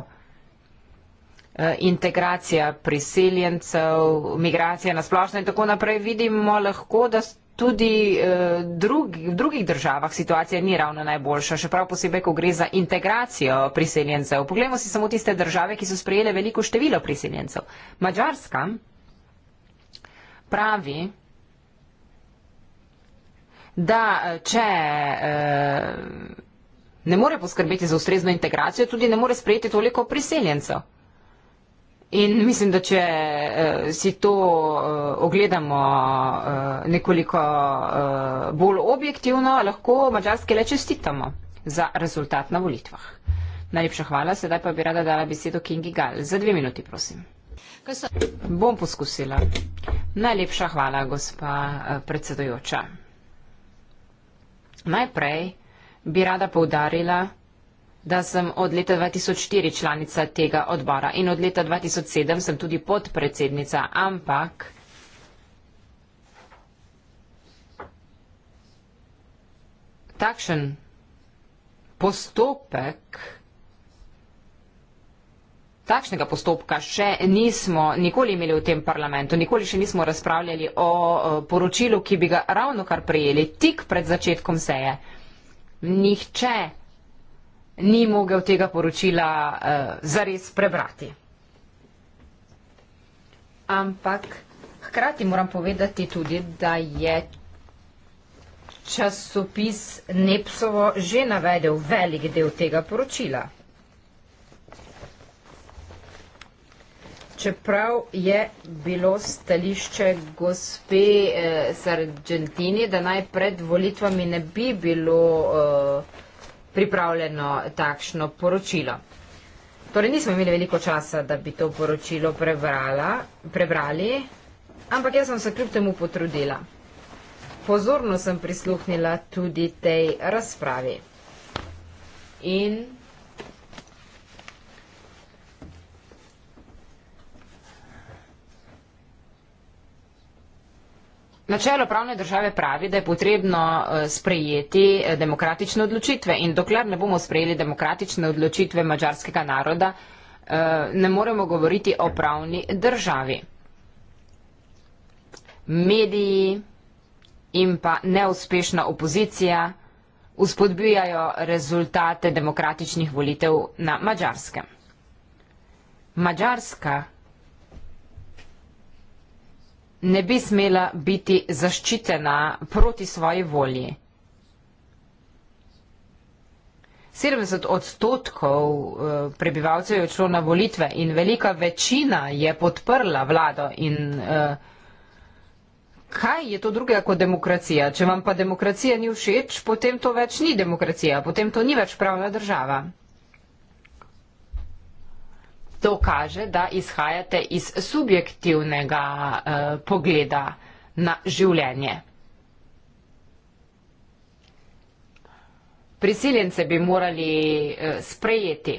Eh, integracija priseljencev, migracija na splošno in tako naprej vidimo lahko, da tudi v drugih državah situacija ni ravno najboljša, še prav posebej, ko gre za integracijo priseljencev. Poglejmo si samo tiste države, ki so sprejele veliko število priseljencev. Mačarska pravi, da eh, če eh, ne more poskrbeti za ustrezno integracijo, tudi ne more sprejeti toliko priseljencev. In mislim, da če eh, si to ogledamo nekoliko bolj objektivno, lahko mačarske le čestitamo za rezultat na volitvah. Najlepša hvala, sedaj pa bi rada dala besedo Kingi Gal. Za dve minuti, prosim. Bom poskusila. Najlepša hvala, gospa predsedojoča. Najprej bi rada povdarila, da sem od leta 2004 članica tega odbora in od leta 2007 sem tudi podpredsednica, ampak takšen postopek takšnega postopka še nismo nikoli imeli v tem parlamentu, nikoli še nismo razpravljali o poročilu, ki bi ga ravno kar prijeli tik pred začetkom seje. Nihče ni mogel tega poročila uh, zares prebrati. Ampak hkrati moram povedati tudi, da je časopis Nepsovo že navedel velik del tega poročila. čeprav je bilo stališče gospe eh, Sargentini, da naj pred volitvami ne bi bilo eh, pripravljeno takšno poročilo. Torej nismo imeli veliko časa, da bi to poročilo prebrala, prebrali, ampak jaz sem se kljub temu potrudila. Pozorno sem prisluhnila tudi tej razpravi. In Načelo pravne države pravi, da je potrebno eh, sprejeti eh, demokratične odločitve in dokler ne bomo sprejeli demokratične odločitve mačarskega naroda, eh, ne moremo govoriti o pravni državi. Mediji in pa neuspešna opozicija uspodbijajo rezultate demokratičnih volitev na mačarskem. Mačarska ne bi smela biti zaščitena proti svoji volji. 70 odstotkov eh, prebivalcev je odšlo na volitve in velika večina je podprla vlado in eh, kaj je to drugega kot demokracija? Če vam pa demokracija ni všeč, potem to več ni demokracija, potem to ni več pravna država to kaže, da izhajate iz subjektivnega eh, pogleda na življenje. Prisiljence bi morali eh, sprejeti.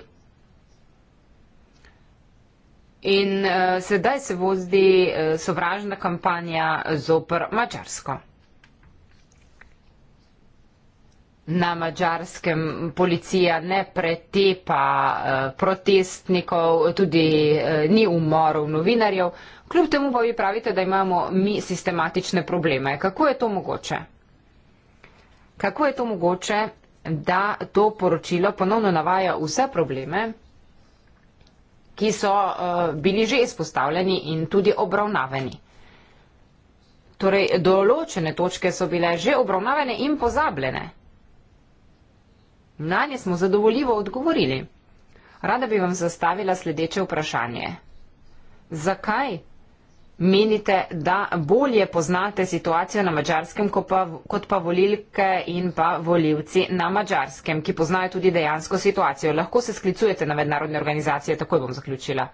In eh, sedaj se vozdi eh, sovražna kampanja zopr Mačarsko. na mačarskem policija ne pretepa eh, protestnikov, tudi eh, ni umorov novinarjev. Kljub temu pa vi pravite, da imamo mi sistematične probleme. Kako je to mogoče? Kako je to mogoče, da to poročilo ponovno navaja vse probleme, ki so eh, bili že izpostavljeni in tudi obravnaveni? Torej, določene točke so bile že obravnavene in pozabljene. Na nje smo zadovoljivo odgovorili. Rada bi vam zastavila sledeče vprašanje. Zakaj menite, da bolje poznate situacijo na mačarskem, kot pa volilke in pa volivci na mačarskem, ki poznajo tudi dejansko situacijo? Lahko se sklicujete na mednarodne organizacije, takoj bom zaključila.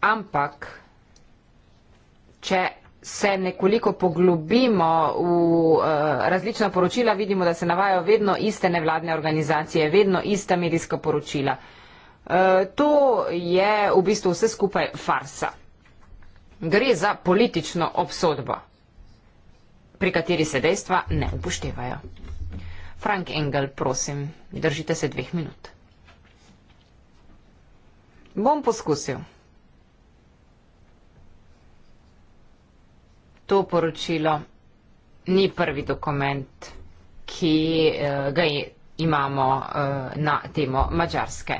Ampak, če se nekoliko poglobimo v uh, različna poročila, vidimo, da se navajajo vedno iste nevladne organizacije, vedno ista medijska poročila. Uh, to je v bistvu vse skupaj farsa. Gre za politično obsodbo, pri kateri se dejstva ne upoštevajo. Frank Engel, prosim, držite se dveh minut. Bom poskusil. to poročilo ni prvi dokument, ki uh, ga imamo uh, na temo Mačarske.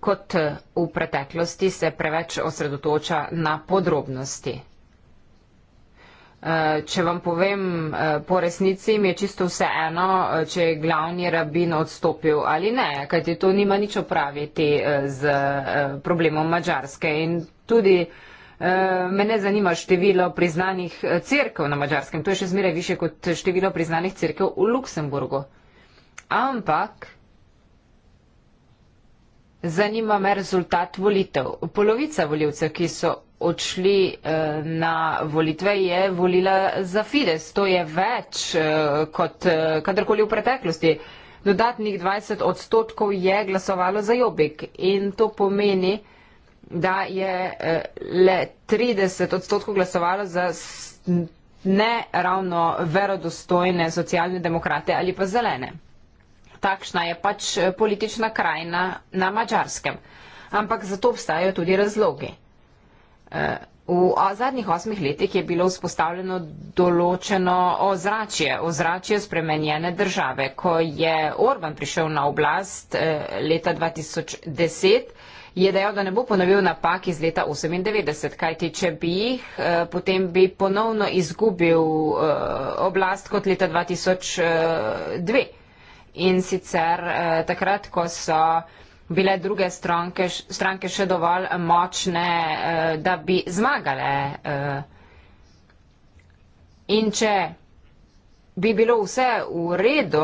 Kot eh, v preteklosti se preveč osredotoča na podrobnosti. Če vam povem po resnici, mi je čisto vse eno, če je glavni rabin odstopil ali ne, kajti to nima nič opraviti z problemom Mačarske in tudi Eh, me ne zanima število priznanih eh, crkv na Mačarskem, to je še zmeraj više kot število priznanih crkv v Luksemburgu. Ampak zanima me rezultat volitev. Polovica voljivcev, ki so odšli eh, na volitve, je volila za Fides. To je več kot kadarkoli v preteklosti. Dodatnih 20 odstotkov je glasovalo za Jobik in to pomeni, da je eh, le 30 odstotkov glasovalo za ne ravno verodostojne socialne demokrate ali pa zelene. Takšna je pač eh, politična krajina na mačarskem. Ampak zato obstajajo tudi razlogi. Eh, v zadnjih osmih letih je bilo vzpostavljeno določeno ozračje, ozračje spremenjene države. Ko je Orban prišel na oblast leta 2010, je dejal, da ne bo ponovil napak iz leta 1998, kajti če bi jih, eh, potem bi ponovno izgubil eh, oblast kot leta 2002. Eh, In sicer takrat, ko so bile druge stranke, stranke še dovolj močne, da bi zmagale. In če bi bilo vse v redu,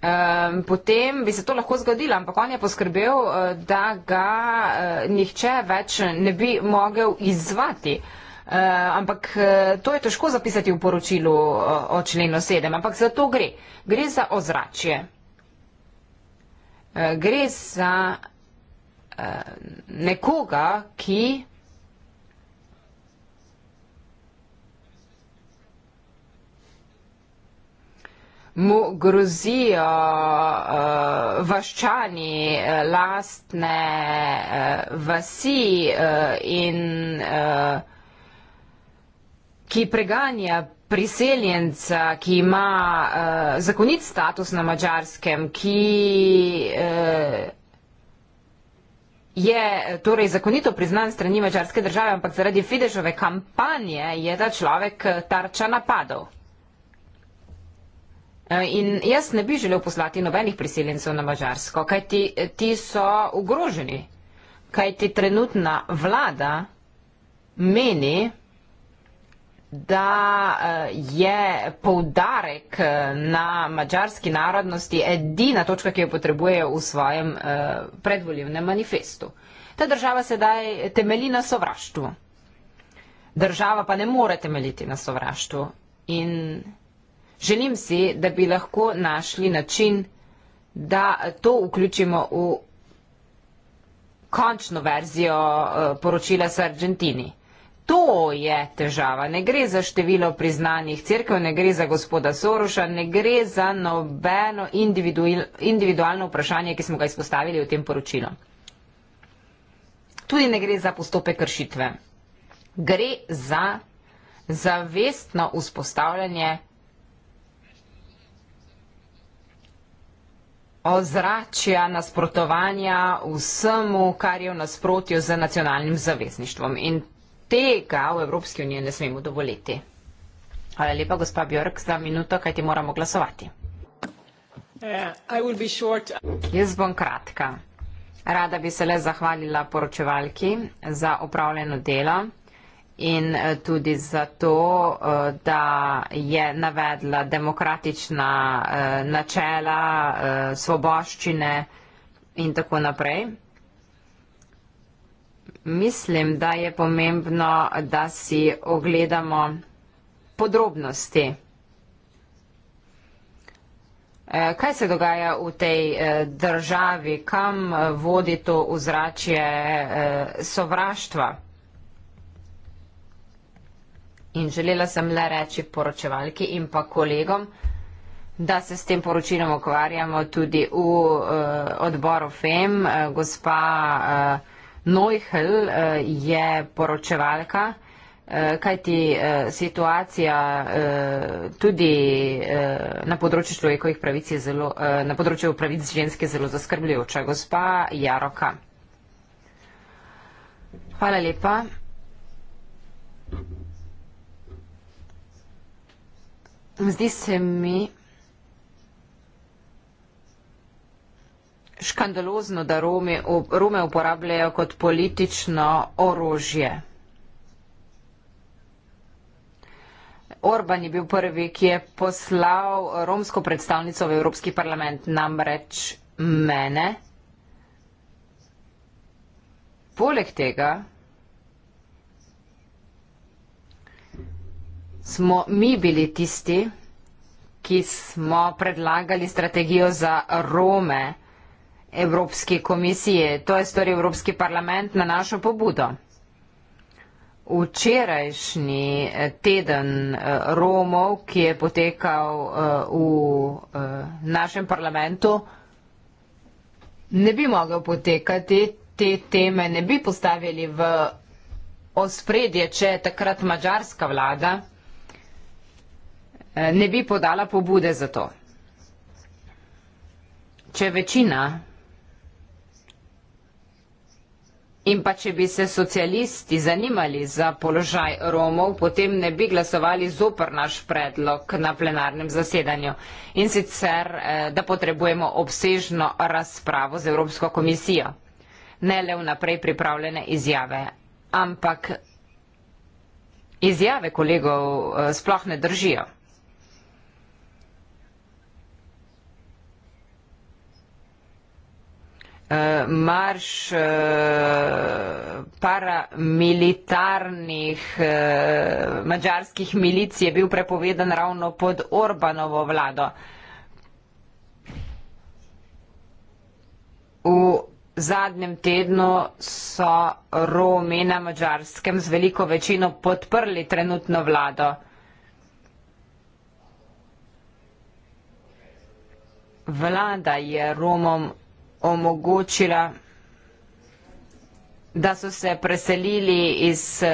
Um, potem bi se to lahko zgodilo, ampak on je poskrbel, eh, da ga uh, nihče več ne bi mogel izvati. Uh, eh, ampak to je težko zapisati v poročilu o, o členu 7, ampak za to gre. Gre za ozračje. Uh, gre za uh, nekoga, ki. mu grozijo uh, vaščani uh, lastne uh, vasi uh, in uh, ki preganja priseljenca, ki ima uh, zakonit status na mačarskem, ki uh, je torej zakonito priznan strani mačarske države, ampak zaradi Fideževe kampanje je ta človek tarča napadov. Eh, in jaz ne bi želel poslati nobenih priseljencev na Mačarsko, kajti eh, ti so ogroženi, kajti trenutna vlada meni, da eh, je poudarek na mačarski narodnosti edina točka, ki jo potrebuje v svojem predvoljivnem manifestu. Ta država sedaj temelji na sovraštvu. Država pa ne more temeljiti na sovraštvu. In Želim si, da bi lahko našli način, da to vključimo v končno verzijo eh, poročila s Argentini. To je težava. Ne gre za število priznanih crkv, ne gre za gospoda Soroša, ne gre za nobeno individualno vprašanje, ki smo ga izpostavili v tem poročilu. Tudi ne gre za postope kršitve. Gre za zavestno vzpostavljanje ozračja nasprotovanja vsemu, kar je v nasprotju z nacionalnim zavezništvom. In tega v Evropski uniji ne smemo dovoliti. Hvala lepa, gospa Björk, za minuto, kaj ti moramo glasovati. Uh, Jaz bom kratka. Rada bi se le zahvalila poročevalki za opravljeno delo in eh, tudi zato, eh, da je navedla demokratična eh, načela, svoboščine in tako naprej. Mislim, da je pomembno, da si ogledamo podrobnosti. Kaj se dogaja v tej državi, kam vodi to vzračje sovraštva? In želela sem le reči poročevalki in pa kolegom, da se s tem poročilom ukvarjamo tudi v uh, odboru FEM. Uh, gospa uh, eh, Neuhl uh, je poročevalka, uh, kajti uh, situacija uh, tudi uh, na področju človekovih pravic je zelo, uh, na področju pravic ženske zelo zaskrbljujoča. Gospa Jaroka. Hvala lepa. Zdi se mi škandalozno, da Rome, Rome uporabljajo kot politično orožje. Orban je bil prvi, ki je poslal romsko predstavnico v Evropski parlament, namreč mene. Poleg tega smo mi bili tisti, ki smo predlagali strategijo za Rome Evropske komisije. To je storil Evropski parlament na našo pobudo. Včerajšnji eh, teden eh, Romov, ki je potekal eh, v našem parlamentu, ne bi mogel potekati, te teme ne bi postavili v ospredje, če je takrat mađarska vlada Eh, ne bi podala pobude za to. Če večina in pa če bi se socialisti zanimali za položaj Romov, potem ne bi glasovali zopr naš predlog na plenarnem zasedanju in sicer, eh, da potrebujemo obsežno razpravo z Evropsko komisijo, ne le vnaprej pripravljene izjave, ampak izjave kolegov eh, sploh ne držijo. uh, marš uh, paramilitarnih uh, eh, mađarskih milic je bil prepovedan ravno pod Orbanovo vlado. V zadnjem tednu so Romi na mađarskem z veliko večino podprli trenutno vlado. Vlada je Romom omogočila, da so se preselili iz uh,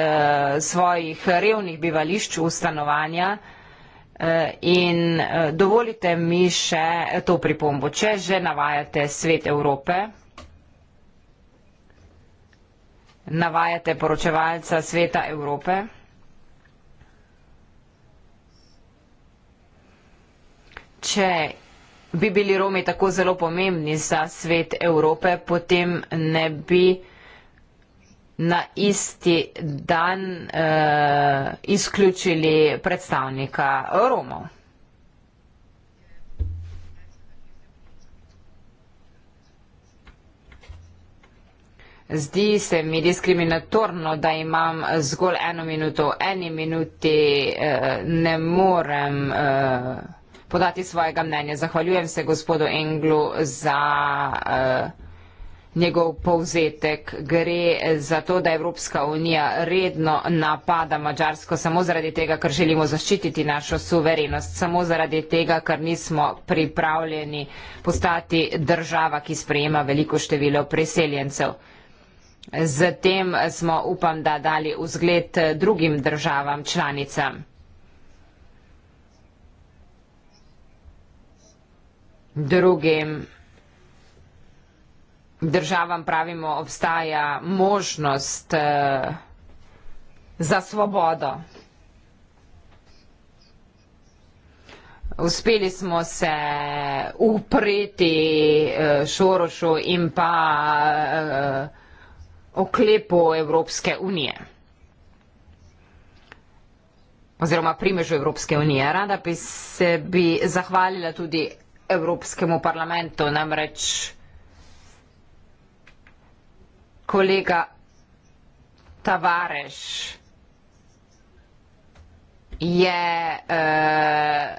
svojih revnih bivališč v stanovanja uh, in uh, dovolite mi še to pripombo, če že navajate svet Evrope, navajate poročevalca sveta Evrope. Če bi bili Romi tako zelo pomembni za svet Evrope, potem ne bi na isti dan uh, izključili predstavnika Romov. Zdi se mi diskriminatorno, da imam zgolj eno minuto, eni minuti uh, ne morem. Uh, podati svojega mnenja. Zahvaljujem se gospodu Englu za uh, njegov povzetek. Gre za to, da Evropska unija redno napada Mačarsko samo zaradi tega, ker želimo zaščititi našo suverenost, samo zaradi tega, ker nismo pripravljeni postati država, ki sprejema veliko število preseljencev. Zatem smo, upam, da dali vzgled eh, drugim državam članicam. drugim državam pravimo, obstaja možnost eh, za svobodo. Uspeli smo se upreti eh, Šorošu in pa eh, oklepu Evropske unije oziroma primežu Evropske unije. Rada bi se bi zahvalila tudi Evropskemu parlamentu. Namreč kolega Tavares je eh,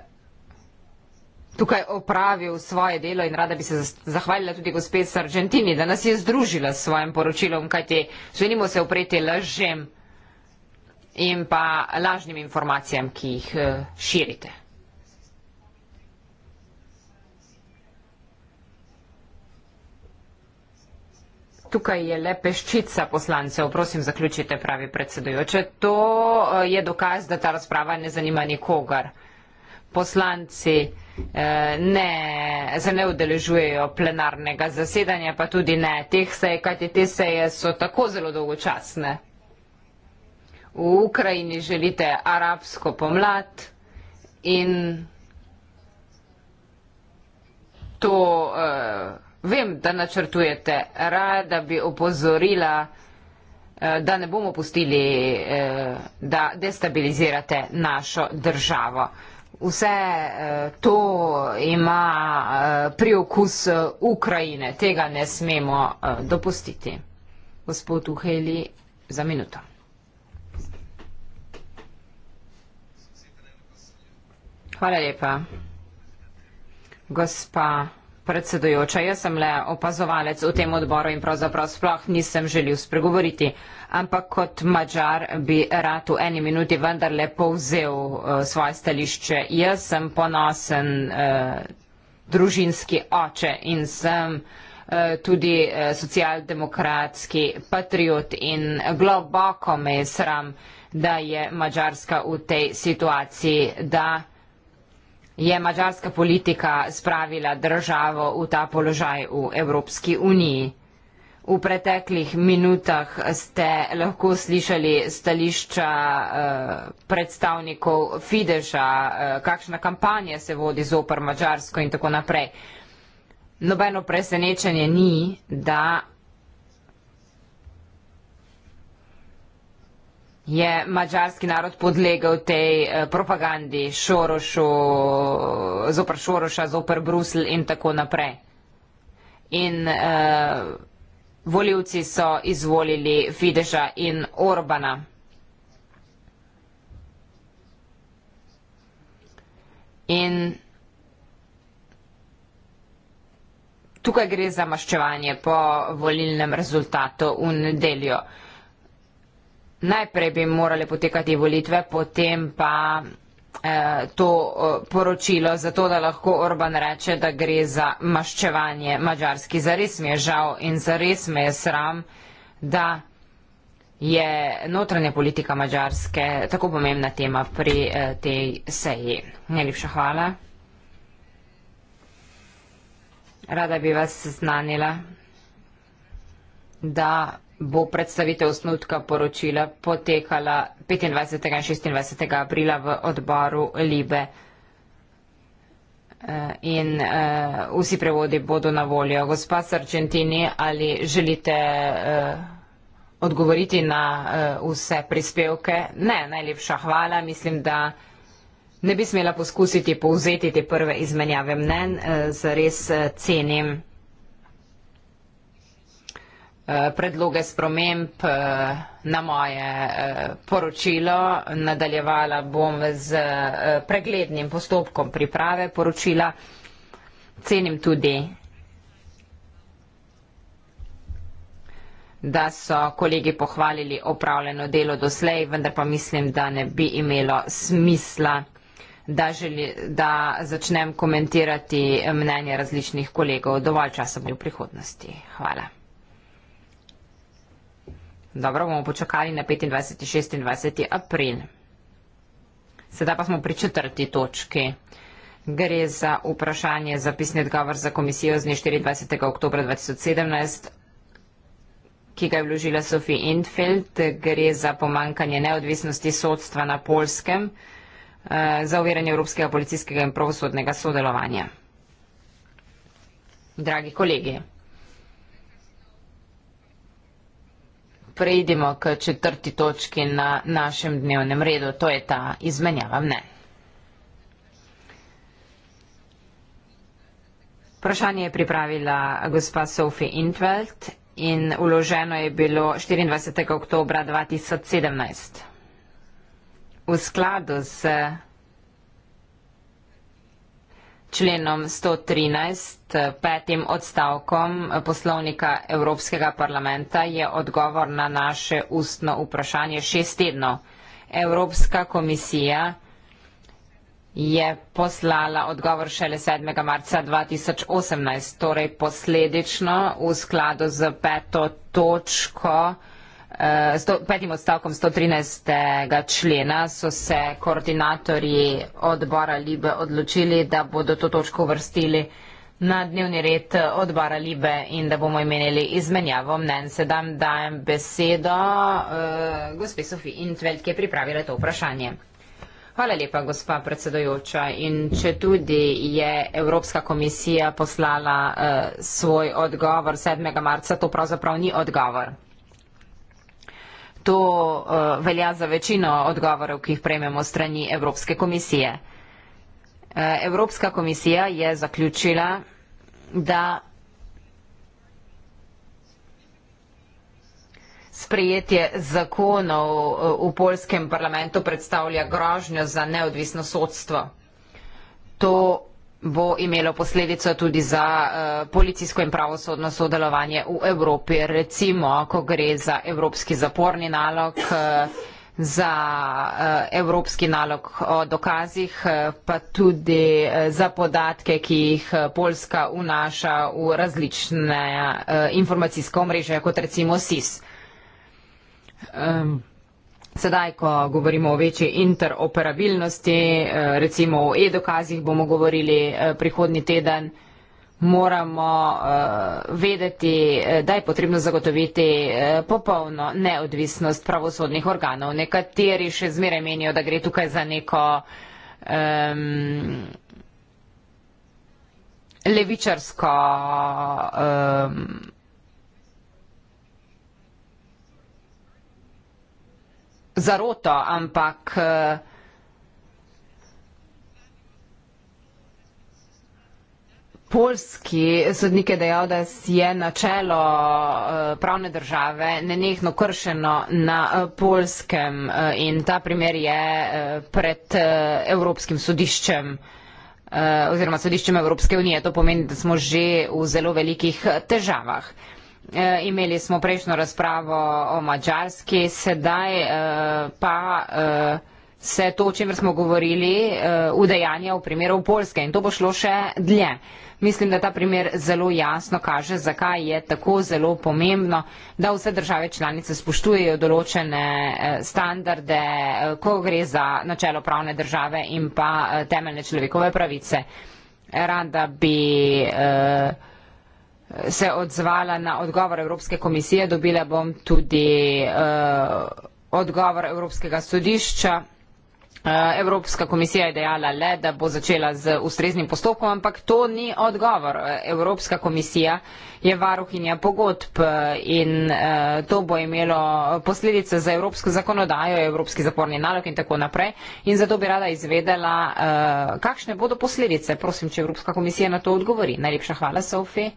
tukaj opravil svoje delo in rada bi se zahvalila tudi gospod Sargentini, da nas je združila s svojim poročilom, kajti želimo se opreti lažem in pa lažnim informacijam, ki jih eh, širite. tukaj je le peščica poslancev, prosim, zaključite, pravi predsedujoče. To eh, je dokaz, da ta razprava ne zanima nikogar. Poslanci eh, ne, se ne udeležujejo plenarnega zasedanja, pa tudi ne teh sej, kajti te seje so tako zelo dolgočasne. V Ukrajini želite arabsko pomlad in to. Uh, vem, da načrtujete, rada bi opozorila, eh, da ne bomo pustili, eh, da destabilizirate našo državo. Vse eh, to ima priokus Ukrajine, tega ne smemo dopustiti. Gospod Uheli, za minuto. Hvala lepa. Gospa predsedujoča, jaz sem le opazovalec v tem odboru in pravzaprav sploh nisem želil spregovoriti. Ampak kot mačar bi rad v eni minuti vendarle povzel uh, svoje stališče. Jaz sem ponosen uh, družinski oče in sem eh, tudi socialdemokratski patriot in globoko me je sram, da je Mačarska v tej situaciji, da je mađarska politika spravila državo v ta položaj v Evropski uniji. V preteklih minutah ste lahko slišali stališča eh, predstavnikov Fideša, eh, kakšna kampanja se vodi zoper Mačarsko in tako naprej. Nobeno presenečenje ni, da je mađarski narod podlegel tej eh, propagandi Šorošu, zoper Šoroša, zoper Brusel in tako naprej. In uh, eh, voljivci so izvolili Fideša in Orbana. In tukaj gre za maščevanje po volilnem rezultatu v nedeljo. Uh, najprej bi morale potekati volitve, potem pa eh, to eh, poročilo, zato da lahko Orban reče, da gre za maščevanje mačarski. Zares mi je žal in zares me je sram, da je notranja politika mačarske tako pomembna tema pri eh, tej seji. Najlepša hvala. Rada bi vas seznanila, da bo predstavitev osnutka poročila potekala 25. in 26. aprila v odboru Libe. Eh, in uh, vsi prevodi bodo na voljo. Gospa Sargentini, ali želite uh, odgovoriti na uh, vse prispevke? Ne, najlepša hvala. Mislim, da ne bi smela poskusiti povzeti te prve izmenjave mnen. Uh, zares uh, cenim. Eh, predloge sprememb eh, na moje eh, poročilo. Nadaljevala bom z preglednim postopkom priprave poročila. Cenim tudi, da so kolegi pohvalili opravljeno delo doslej, vendar pa mislim, da ne bi imelo smisla, da, želi, da začnem komentirati mnenje različnih kolegov. Dovolj časa bo v prihodnosti. Hvala. Dobro, bomo počakali na 25. in 26. april. Sedaj pa smo pri četrti točki. Gre za vprašanje za pisni odgovor za komisijo z dne 24. oktober 2017, ki ga je vložila Sofie Infeld. Gre za pomankanje neodvisnosti sodstva na polskem, eh, za uviranje evropskega policijskega in pravosodnega sodelovanja. Dragi kolegi. prejdimo k četrti točki na našem dnevnem redu, to je ta izmenjava mnen. Vprašanje je pripravila gospa Sophie Intveld in uloženo je bilo 24. oktobra 2017. V skladu s členom 113, petim odstavkom poslovnika Evropskega parlamenta je odgovor na naše ustno vprašanje šest tednov. Evropska komisija je poslala odgovor šele 7. marca 2018, torej posledično v skladu z peto točko Eh, sto, petim odstavkom 113. člena so se koordinatorji odbora Libe odločili, da bodo to točko vrstili na dnevni red odbora Libe in da bomo imeli izmenjavo mnen. Sedaj dajem besedo uh, gospe Sofi Intveld, ki je pripravila to vprašanje. Hvala lepa, gospa predsedojoča. In če tudi je Evropska komisija poslala uh, svoj odgovor 7. marca, to pravzaprav ni odgovor. To uh, velja za večino odgovorov, ki jih prejmemo strani Evropske komisije. Eh, Evropska komisija je zaključila, da sprejetje zakonov eh, v polskem parlamentu predstavlja grožnjo za neodvisno sodstvo. To bo imelo posledico tudi za uh, policijsko in pravosodno sodelovanje v Evropi. Recimo, ko gre za evropski zaporni nalog, uh, za uh, evropski nalog o dokazih, uh, pa tudi uh, za podatke, ki jih Poljska unaša v različne uh, informacijske omrežje, kot recimo SIS. Um, Sedaj, ko govorimo o večji interoperabilnosti, eh, recimo o e-dokazih bomo govorili eh, prihodni teden, moramo eh, vedeti, da je potrebno zagotoviti popolno neodvisnost pravosodnih organov. Nekateri še zmeraj menijo, da gre tukaj za neko um, levičarsko um, zaroto, ampak eh, Polski sodnik je dejal, da je načelo eh, pravne države nenehno kršeno na eh, Polskem in ta primer je pred Evropskim sodiščem oziroma sodiščem Evropske unije. To pomeni, da smo že v zelo velikih težavah. E, imeli smo prejšnjo razpravo o Mačarski, sedaj e, pa e, se to, o čemer smo govorili, udejanja v primeru Polske in to bo šlo še dlje. Mislim, da ta primer zelo jasno kaže, zakaj je tako zelo pomembno, da vse države članice spoštujejo določene standarde, ko gre za načelo pravne države in pa temeljne človekove pravice. Rada bi eh, se odzvala na odgovor Evropske komisije, dobila bom tudi uh, odgovor Evropskega sodišča. Eh, Evropska komisija je dejala le, da bo začela z ustreznim postopkom, ampak to ni odgovor. Evropska komisija je varuhinja pogodb eh, in to bo imelo posledice za evropsko zakonodajo, evropski zaporni nalog in tako naprej. In zato bi rada izvedela, kakšne bodo posledice. Prosim, če Evropska komisija na to odgovori. Najlepša hvala, Sofi.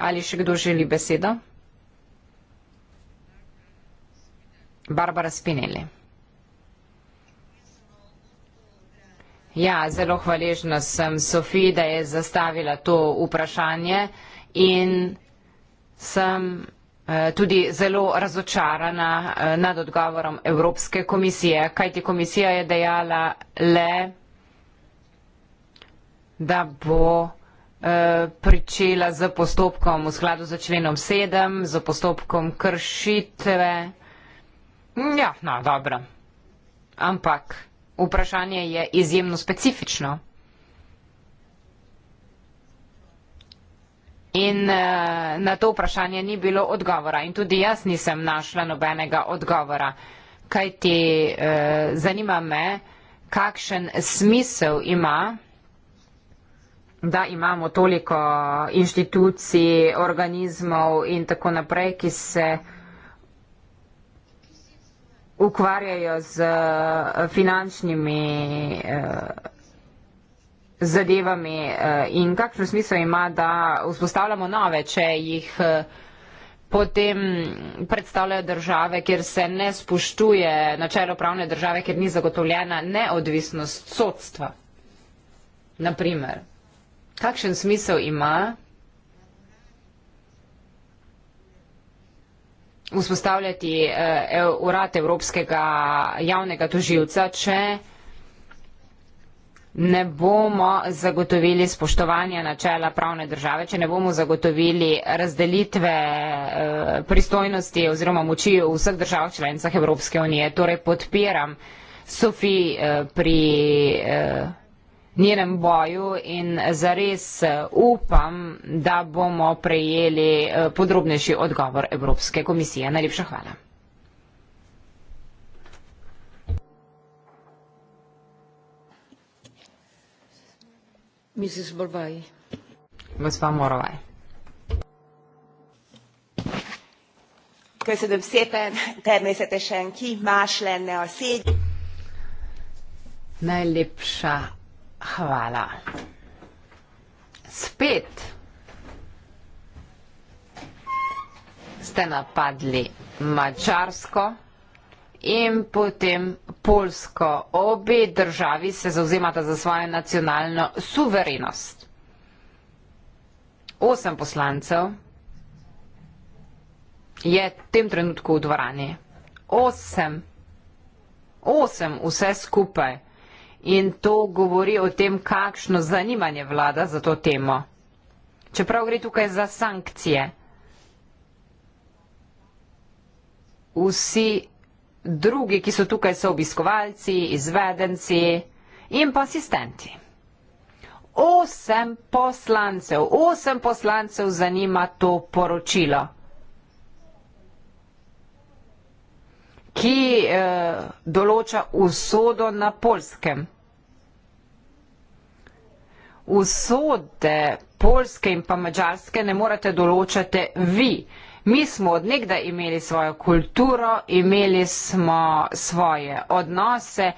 Ali še kdo želi besedo? Barbara Spinelli. Ja, zelo hvaležna sem Sofiji, da je zastavila to vprašanje in sem eh, tudi zelo razočarana eh, nad odgovorom Evropske komisije, kajti komisija je dejala le, da bo vprašanje pričela z postopkom v skladu z členom 7, z postopkom kršitve. Ja, no, dobro. Ampak vprašanje je izjemno specifično. In uh, na to vprašanje ni bilo odgovora. In tudi jaz nisem našla nobenega odgovora. Kaj ti uh, eh, zanima me, kakšen smisel ima da imamo toliko inštitucij, organizmov in tako naprej, ki se ukvarjajo z eh, finančnimi eh, zadevami eh, in kakšno smisel ima, da vzpostavljamo nove, če jih potem predstavljajo države, kjer se ne spoštuje načelo pravne države, kjer ni zagotovljena neodvisnost sodstva. Naprimer kakšen smisel ima vzpostavljati uh, urad Evropskega javnega tožilca, če ne bomo zagotovili spoštovanja načela pravne države, če ne bomo zagotovili razdelitve eh, pristojnosti oziroma moči v vseh državah članicah Evropske unije. Torej podpiram Sofi eh, pri njenem boju in zares eh, upam, da bomo prejeli eh, podrobnejši odgovor Evropske komisije. Najlepša hvala. Mrs. Borbaj. Gospa Morovaj. Köszönöm szépen, természetesen ki más lenne a szégy. Najlepša Hvala. Spet ste napadli Mačarsko in potem Polsko. Obe državi se zauzemata za svojo nacionalno suverenost. Osem poslancev je v tem trenutku v dvorani. Osem. Osem vse skupaj in to govori o tem, kakšno zanimanje vlada za to temo. Čeprav gre tukaj za sankcije. Vsi drugi, ki so tukaj, so obiskovalci, izvedenci in pa asistenti. Osem poslancev, osem poslancev zanima to poročilo. ki eh, določa usodo na polskem. Usode polske in pa mačarske ne morete določati vi. Mi smo odnegdaj imeli svojo kulturo, imeli smo svoje odnose,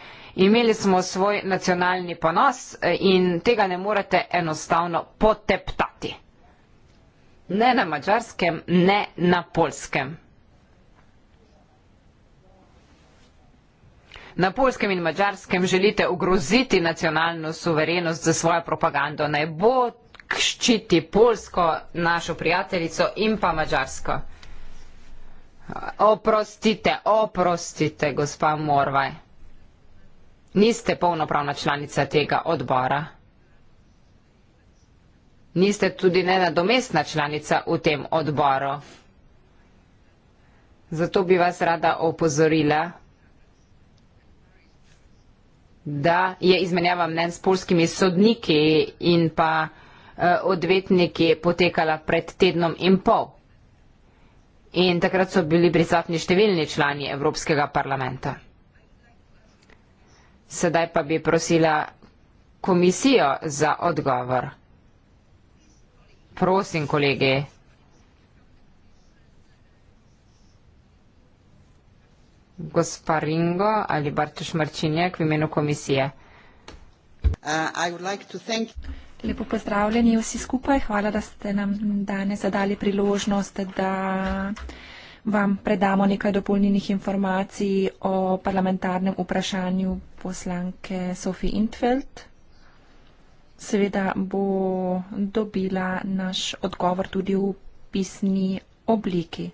imeli smo svoj nacionalni ponos eh, in tega ne morete enostavno poteptati. Ne na mačarskem, ne na polskem. Na polskem in mačarskem želite ogroziti nacionalno suverenost za svojo propagando. Naj bo ščiti Polsko, našo prijateljico in pa Mačarsko. Oprostite, oprostite, gospa Morvaj. Niste polnopravna članica tega odbora. Niste tudi nenadomestna članica v tem odboru. Zato bi vas rada opozorila, da je izmenjava mnenj s polskimi sodniki in pa eh, odvetniki potekala pred tednom in pol. In takrat so bili prisotni številni člani Evropskega parlamenta. Sedaj pa bi prosila komisijo za odgovor. Prosim, kolegi. Gosparingo ali Bartoš Marčinjak v imenu komisije. Uh, like thank... Lepo pozdravljeni vsi skupaj. Hvala, da ste nam danes zadali priložnost, da vam predamo nekaj dopolnjenih informacij o parlamentarnem vprašanju poslanke Sofi Intfeld. Seveda bo dobila naš odgovor tudi v pisni obliki.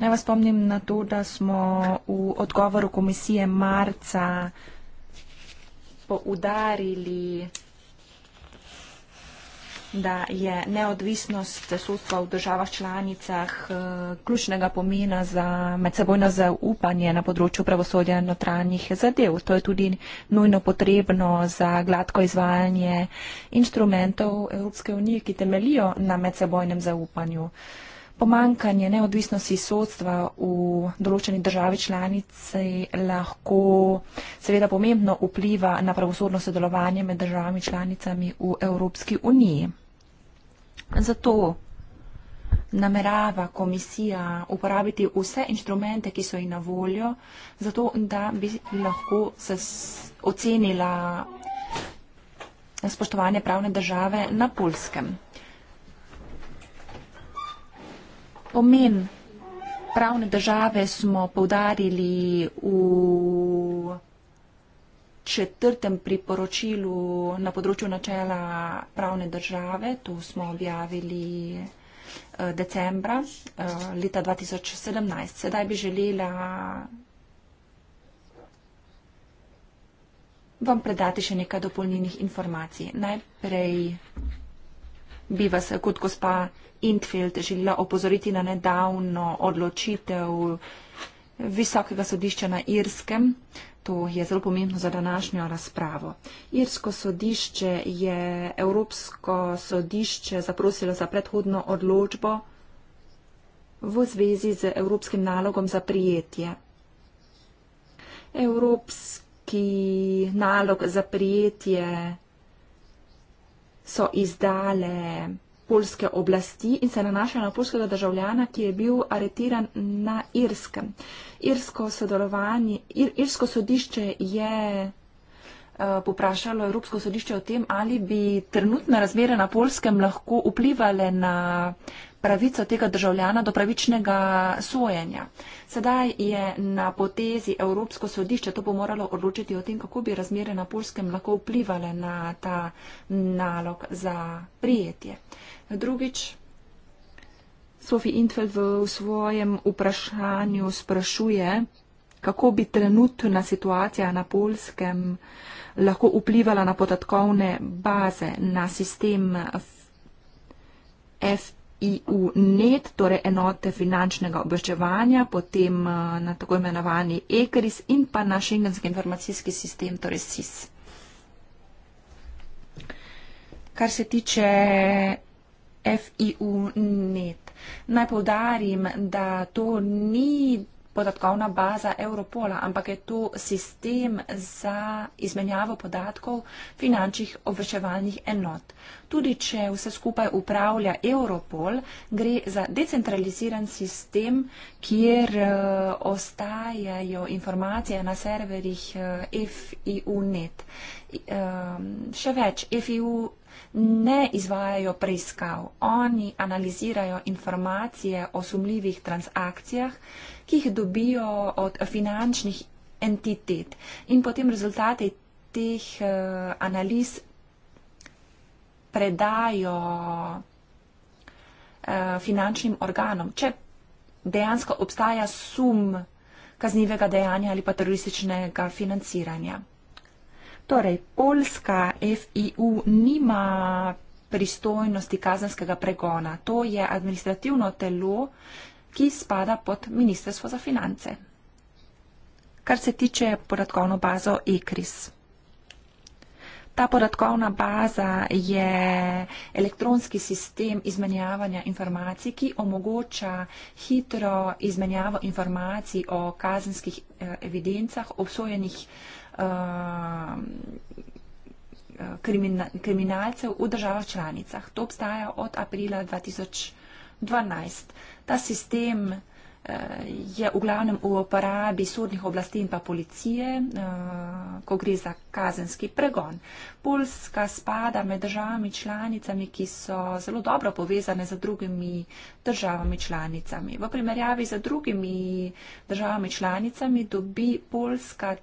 Naj vas spomnim na to, da smo v odgovoru komisije marca poudarili, da je neodvisnost sodstva v državah članicah eh, ključnega pomena za medsebojno zaupanje na področju pravosodja in notranjih zadev. To je tudi nujno potrebno za gladko izvajanje instrumentov Evropske unije, ki temelijo na medsebojnem zaupanju pomankanje neodvisnosti sodstva v določeni državi članici lahko seveda pomembno vpliva na pravosodno sodelovanje med državami članicami v Evropski uniji. Zato namerava komisija uporabiti vse inštrumente, ki so ji na voljo, zato da bi lahko se ocenila spoštovanje pravne države na polskem. pomen pravne države smo povdarili v četrtem priporočilu na področju načela pravne države. To smo objavili eh, decembra eh, leta 2017. Sedaj bi želela vam predati še nekaj dopolnjenih informacij. Najprej bi vas eh, kot gospa Intfeld želela opozoriti na nedavno odločitev Visokega sodišča na Irskem. To je zelo pomembno za današnjo razpravo. Irsko sodišče je Evropsko sodišče zaprosilo za predhodno odločbo v zvezi z Evropskim nalogom za prijetje. Evropski nalog za prijetje so izdale polske oblasti in se nanaša na polskega državljana, ki je bil aretiran na Irskem. Irsko, ir, irsko sodišče je eh, poprašalo Evropsko sodišče o tem, ali bi trenutne razmere na Polskem lahko vplivali na pravico tega državljana do pravičnega sojenja. Sedaj je na potezi Evropsko sodišče, to bo moralo odločiti o tem, kako bi razmere na Polskem lahko vplivali na ta nalog za prijetje. Drugič, Sofi Intvel v svojem vprašanju sprašuje, kako bi trenutna situacija na polskem lahko vplivala na podatkovne baze, na sistem FIU.net, torej enote finančnega obveščevanja, potem eh, na tako imenovani ECRIS in pa na šengenski informacijski sistem, torej SIS. Kar se tiče FIU.net. Naj povdarim, da to ni podatkovna baza Europola, ampak je to sistem za izmenjavo podatkov finančnih obveščevalnih enot. Tudi če vse skupaj upravlja Europol, gre za decentraliziran sistem, kjer uh, ostajajo informacije na serverjih uh, eh, FIU.net. Uh, eh, še več, FIU.net ne izvajajo preiskav. Oni analizirajo informacije o sumljivih transakcijah, ki jih dobijo od finančnih entitet in potem rezultate teh uh, analiz predajo uh, finančnim organom. Če dejansko obstaja sum kaznivega dejanja ali pa terorističnega financiranja. Torej, Poljska FIU nima pristojnosti kazenskega pregona. To je administrativno telo, ki spada pod Ministrstvo za finance. Kar se tiče podatkovno bazo ECRIS. Ta podatkovna baza je elektronski sistem izmenjavanja informacij, ki omogoča hitro izmenjavo informacij o kazenskih eh, evidencah, obsojenih informacij Um, krimina, kriminalcev v državah članicah. To obstaja od aprila 2012. Ta sistem eh, je v glavnem v uporabi sodnih oblasti in pa policije, eh, ko gre za kazenski pregon. Poljska spada med državami članicami, ki so zelo dobro povezane z drugimi državami članicami. V primerjavi z drugimi državami članicami dobi Poljska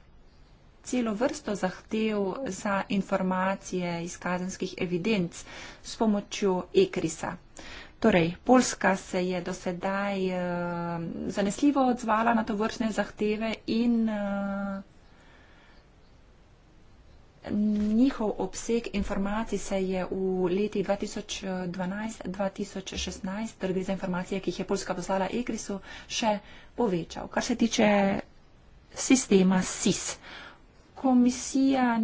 celo vrsto zahtev za informacije iz kazenskih evidenc s pomočjo ekrisa. Torej, Poljska se je do sedaj uh, zanesljivo odzvala na to vrstne zahteve in uh, njihov obseg informacij se je v letih 2012-2016, torej za informacije, ki jih je Poljska poslala Ekrisu, še povečal. Kar se tiče sistema SIS. Uh, komisija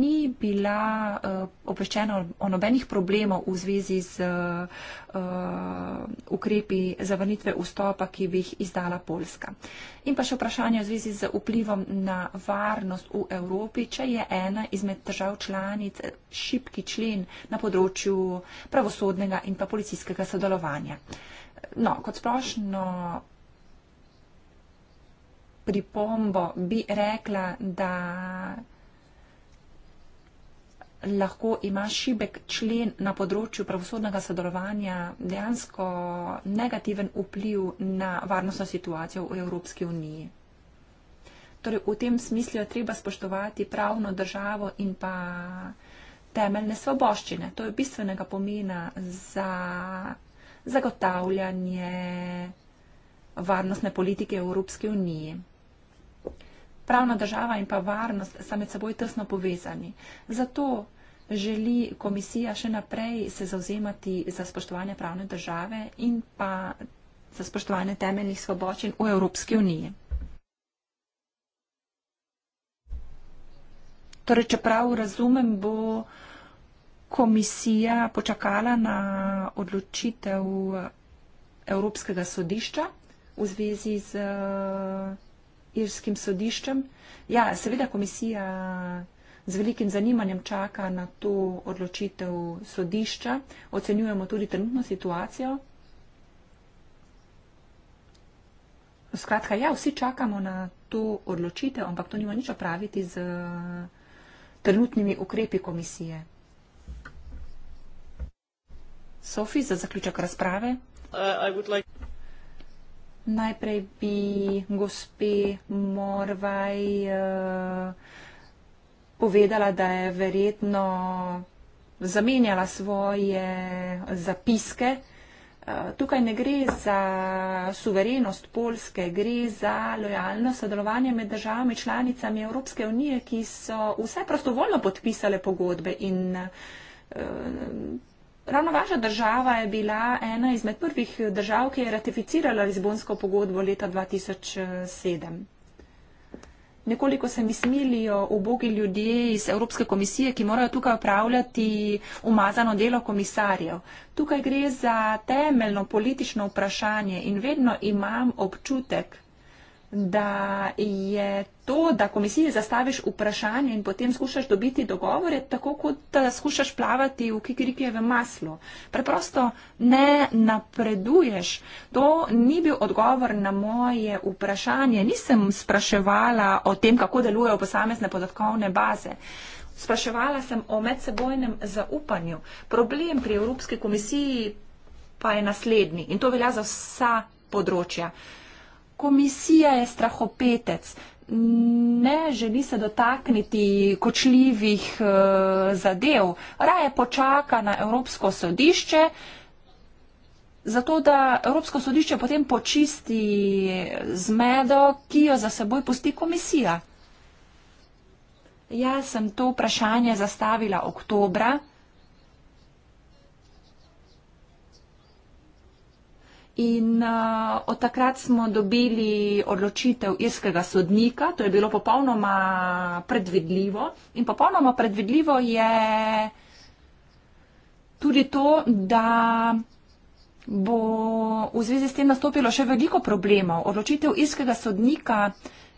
ni bila uh, obveščena o nobenih problemov v zvezi z uh, ukrepi zavrnitve vstopa, ki bi jih izdala Poljska. In pa še vprašanje v zvezi z vplivom na varnost v Evropi, če je ena izmed držav članic šipki člen na področju pravosodnega in pa policijskega sodelovanja. No, kot splošno pripombo, bi rekla, da lahko ima šibek člen na področju pravosodnega sodelovanja dejansko negativen vpliv na varnostno situacijo v Evropski uniji. Torej, v tem smislu je treba spoštovati pravno državo in pa temeljne svoboščine. To je bistvenega pomena za zagotavljanje varnostne politike Evropske unije pravna država in pa varnost sta med seboj tesno povezani. Zato želi komisija še naprej se zauzemati za spoštovanje pravne države in pa za spoštovanje temeljnih svoboščin v Evropski uniji. Torej, čeprav razumem, bo komisija počakala na odločitev Evropskega sodišča v zvezi z irskim sodiščem. Ja, seveda komisija z velikim zanimanjem čaka na to odločitev sodišča. Ocenjujemo tudi trenutno situacijo. Skratka, ja, vsi čakamo na to odločitev, ampak to nima nič opraviti z trenutnimi ukrepi komisije. Sofi, za zaključek razprave. Uh, Najprej bi gospe Morvaj uh, povedala, da je verjetno zamenjala svoje zapiske. Eh, tukaj ne gre za suverenost Polske, gre za lojalno sodelovanje med državami članicami Evropske unije, ki so vse prostovoljno podpisale pogodbe in eh, Ravno vaša država je bila ena izmed prvih držav, ki je ratificirala Lizbonsko pogodbo leta 2007. Nekoliko se mi smilijo ubogi ljudje iz Evropske komisije, ki morajo tukaj upravljati umazano delo komisarjev. Tukaj gre za temeljno politično vprašanje in vedno imam občutek, da je to, da komisiji zastaviš vprašanje in potem skušaš dobiti dogovore, tako kot da skušaš plavati v kikirikijevem maslu. Preprosto ne napreduješ. To ni bil odgovor na moje vprašanje. Nisem spraševala o tem, kako delujejo posamezne podatkovne baze. Spraševala sem o medsebojnem zaupanju. Problem pri Evropski komisiji pa je naslednji in to velja za vsa področja komisija je strahopetec, ne želi se dotakniti kočljivih uh, zadev, raje počaka na Evropsko sodišče, zato da Evropsko sodišče potem počisti zmedo, ki jo za seboj pusti komisija. Jaz sem to vprašanje zastavila oktobra. In uh, od takrat smo dobili odločitev irskega sodnika, to je bilo popolnoma predvidljivo. In popolnoma predvidljivo je tudi to, da bo v zvezi s tem nastopilo še veliko problemov. Odločitev irskega sodnika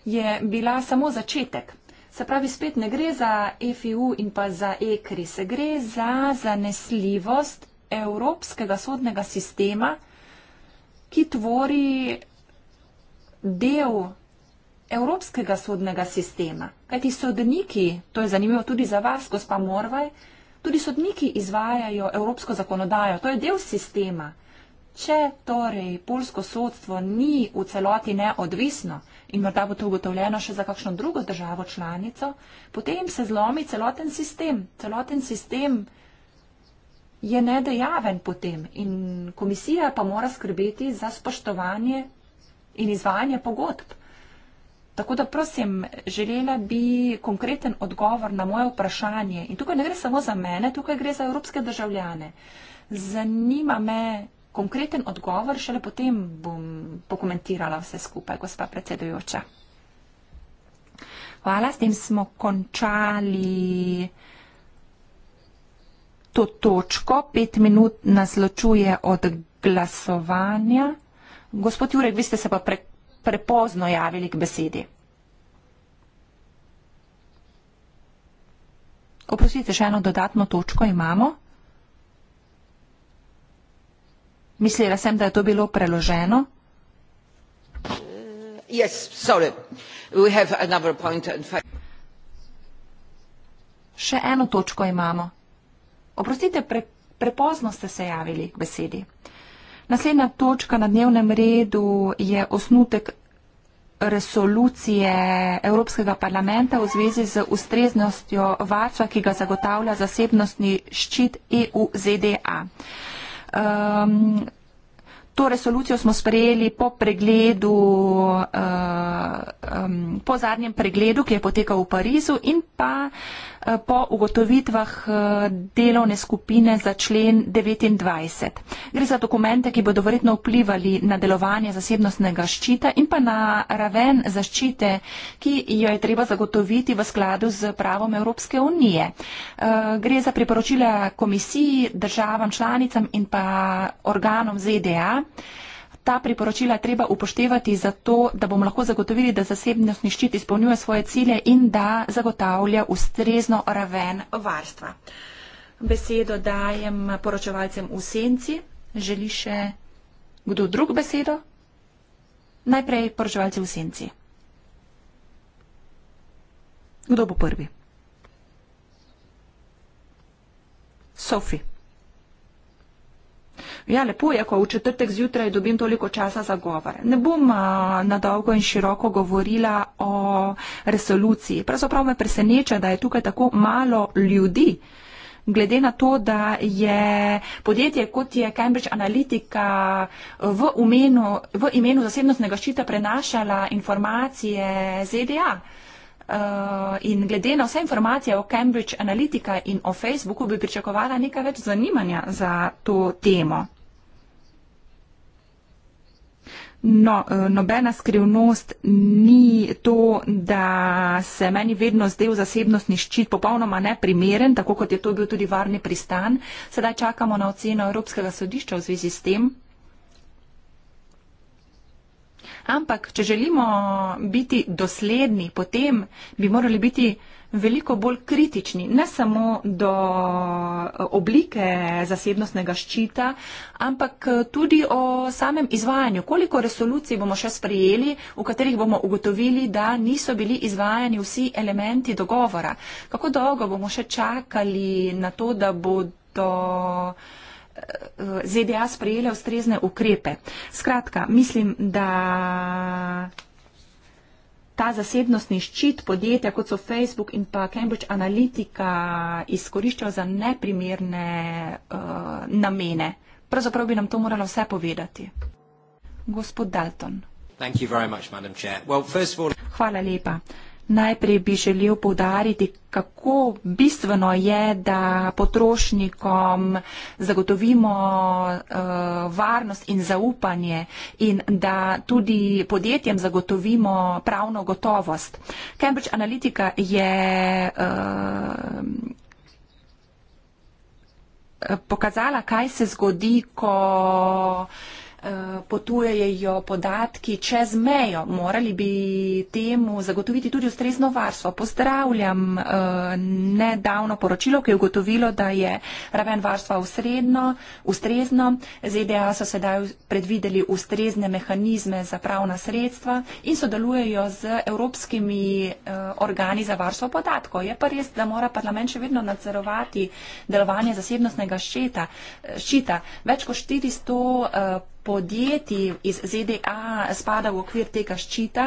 je bila samo začetek. Se pravi, spet ne gre za FIU in pa za EKRI, se gre za zanesljivost evropskega sodnega sistema ki tvori del evropskega sodnega sistema. Kajti sodniki, to je zanimivo tudi za vas, gospa Morvaj, tudi sodniki izvajajo evropsko zakonodajo, to je del sistema. Če torej polsko sodstvo ni v celoti neodvisno in morda bo to ugotovljeno še za kakšno drugo državo članico, potem se zlomi celoten sistem, celoten sistem je nedejaven potem in komisija pa mora skrbeti za spoštovanje in izvajanje pogodb. Tako da prosim, želela bi konkreten odgovor na moje vprašanje. In tukaj ne gre samo za mene, tukaj gre za evropske državljane. Zanima me konkreten odgovor, šele potem bom pokomentirala vse skupaj, gospa predsedujoča. Hvala, s tem smo končali to točko, pet minut nas ločuje od glasovanja. Gospod Jurek, vi ste se pa pre, prepozno javili k besedi. Oprostite, še eno dodatno točko imamo. Mislila sem, da je to bilo preloženo. Uh, yes, Še eno točko imamo. Oprostite, pre, prepozno ste se javili k besedi. Naslednja točka na dnevnem redu je osnutek resolucije Evropskega parlamenta v zvezi z ustreznostjo varstva, ki ga zagotavlja zasebnostni ščit EU-ZDA. Um, ehm, To resolucijo smo sprejeli po pregledu, eh, po zadnjem pregledu, ki je potekal v Parizu in pa eh, po ugotovitvah eh, delovne skupine za člen 29. Gre za dokumente, ki bodo verjetno vplivali na delovanje zasebnostnega ščita in pa na raven zaščite, ki jo je treba zagotoviti v skladu z pravom Evropske unije. Gre za priporočila komisiji, državam članicam in pa organom ZDA Ta priporočila je treba upoštevati zato, da bomo lahko zagotovili, da zasebnost niščit izpolnjuje svoje cilje in da zagotavlja ustrezno raven varstva. Besedo dajem poročevalcem v senci. Želi še kdo drug besedo? Najprej poročevalce v senci. Kdo bo prvi? Sophie. Ja, lepo je, ko v četrtek zjutraj dobim toliko časa za govor. Ne bom na dolgo in široko govorila o resoluciji. Pravzaprav me preseneča, da je tukaj tako malo ljudi. Glede na to, da je podjetje kot je Cambridge Analytica v, umenu, v imenu zasebnostnega ščita prenašala informacije ZDA. Eh, in glede na vse informacije o Cambridge Analytica in o Facebooku bi pričakovala nekaj več zanimanja za to temo. No, eh, nobena skrivnost ni to, da se meni vedno zdel zasebnostni ščit popolnoma neprimeren, tako kot je to bil tudi varni pristan. Sedaj čakamo na oceno Evropskega sodišča v zvezi s tem ampak če želimo biti dosledni, potem bi morali biti veliko bolj kritični, ne samo do eh, oblike zasebnostnega ščita, ampak eh, tudi o samem izvajanju. Koliko resolucij bomo še sprejeli, v katerih bomo ugotovili, da niso bili izvajani vsi elementi dogovora? Kako dolgo bomo še čakali na to, da bodo. ZDA sprejele ustrezne ukrepe. Skratka, mislim, da ta zasebnostni ščit podjetja, kot so Facebook in pa Cambridge Analytica, izkoriščajo za neprimerne uh, namene. Pravzaprav bi nam to moralo vse povedati. Gospod Dalton. Hvala lepa. Najprej bi želel povdariti, kako bistveno je, da potrošnikom zagotovimo uh, varnost in zaupanje in da tudi podjetjem zagotovimo pravno gotovost. Cambridge Analytica je uh, pokazala, kaj se zgodi, ko. Eh, potujejo podatki čez mejo. Morali bi temu zagotoviti tudi ustrezno varstvo. Pozdravljam eh, nedavno poročilo, ki je ugotovilo, da je raven varstva usredno, ustrezno. ZDA e so sedaj predvideli ustrezne mehanizme za pravna sredstva in sodelujejo z evropskimi eh, organi za varstvo podatkov. Je pa res, da mora parlament še vedno nadzorovati delovanje zasebnostnega ščita. Več kot 400 podjetij iz ZDA spada v okvir tega ščita.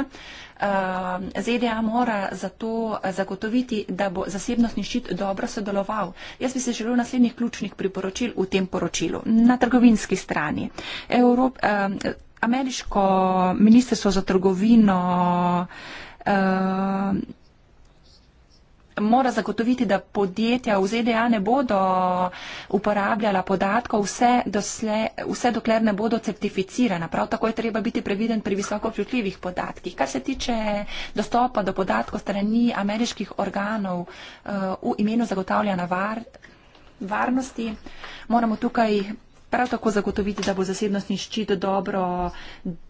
Ehm, ZDA mora zato zagotoviti, da bo zasebnostni ščit dobro sodeloval. Jaz bi se želel naslednjih ključnih priporočil v tem poročilu. Na trgovinski strani. Evrop, ehm, ameriško ministrstvo za trgovino. Ehm, mora zagotoviti, da podjetja v ZDA ne bodo uporabljala podatkov vse, dosle, vse dokler ne bodo certificirana. Prav tako je treba biti previden pri visoko občutljivih podatkih. Kar se tiče dostopa do podatkov strani ameriških organov uh, v imenu zagotavljanja var, varnosti, moramo tukaj prav tako zagotoviti, da bo zasebnostni ščit dobro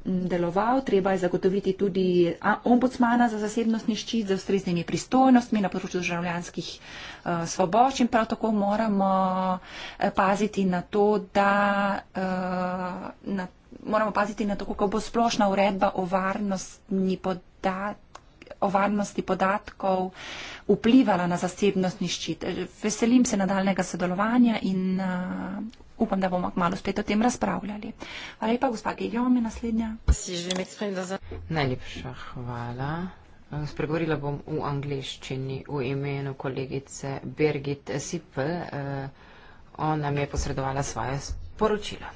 deloval. Treba je zagotoviti tudi ombudsmana za zasebnostni ščit z ustreznimi pristojnostmi na področju državljanskih eh, svoboč in prav tako moramo eh, paziti na to, da. Eh, na Moramo paziti na to, kako bo splošna uredba o varnosti, podat o varnosti podatkov vplivala na zasebnostni ščit. Veselim se nadaljnega sodelovanja in uh, upam, da bomo kmalo spet o tem razpravljali. Hvala lepa, gospa Gejom, naslednja. Najlepša hvala. Spregovorila bom v angliščini v imenu kolegice Birgit Sip. Eh, ona mi je posredovala svoje sporočilo.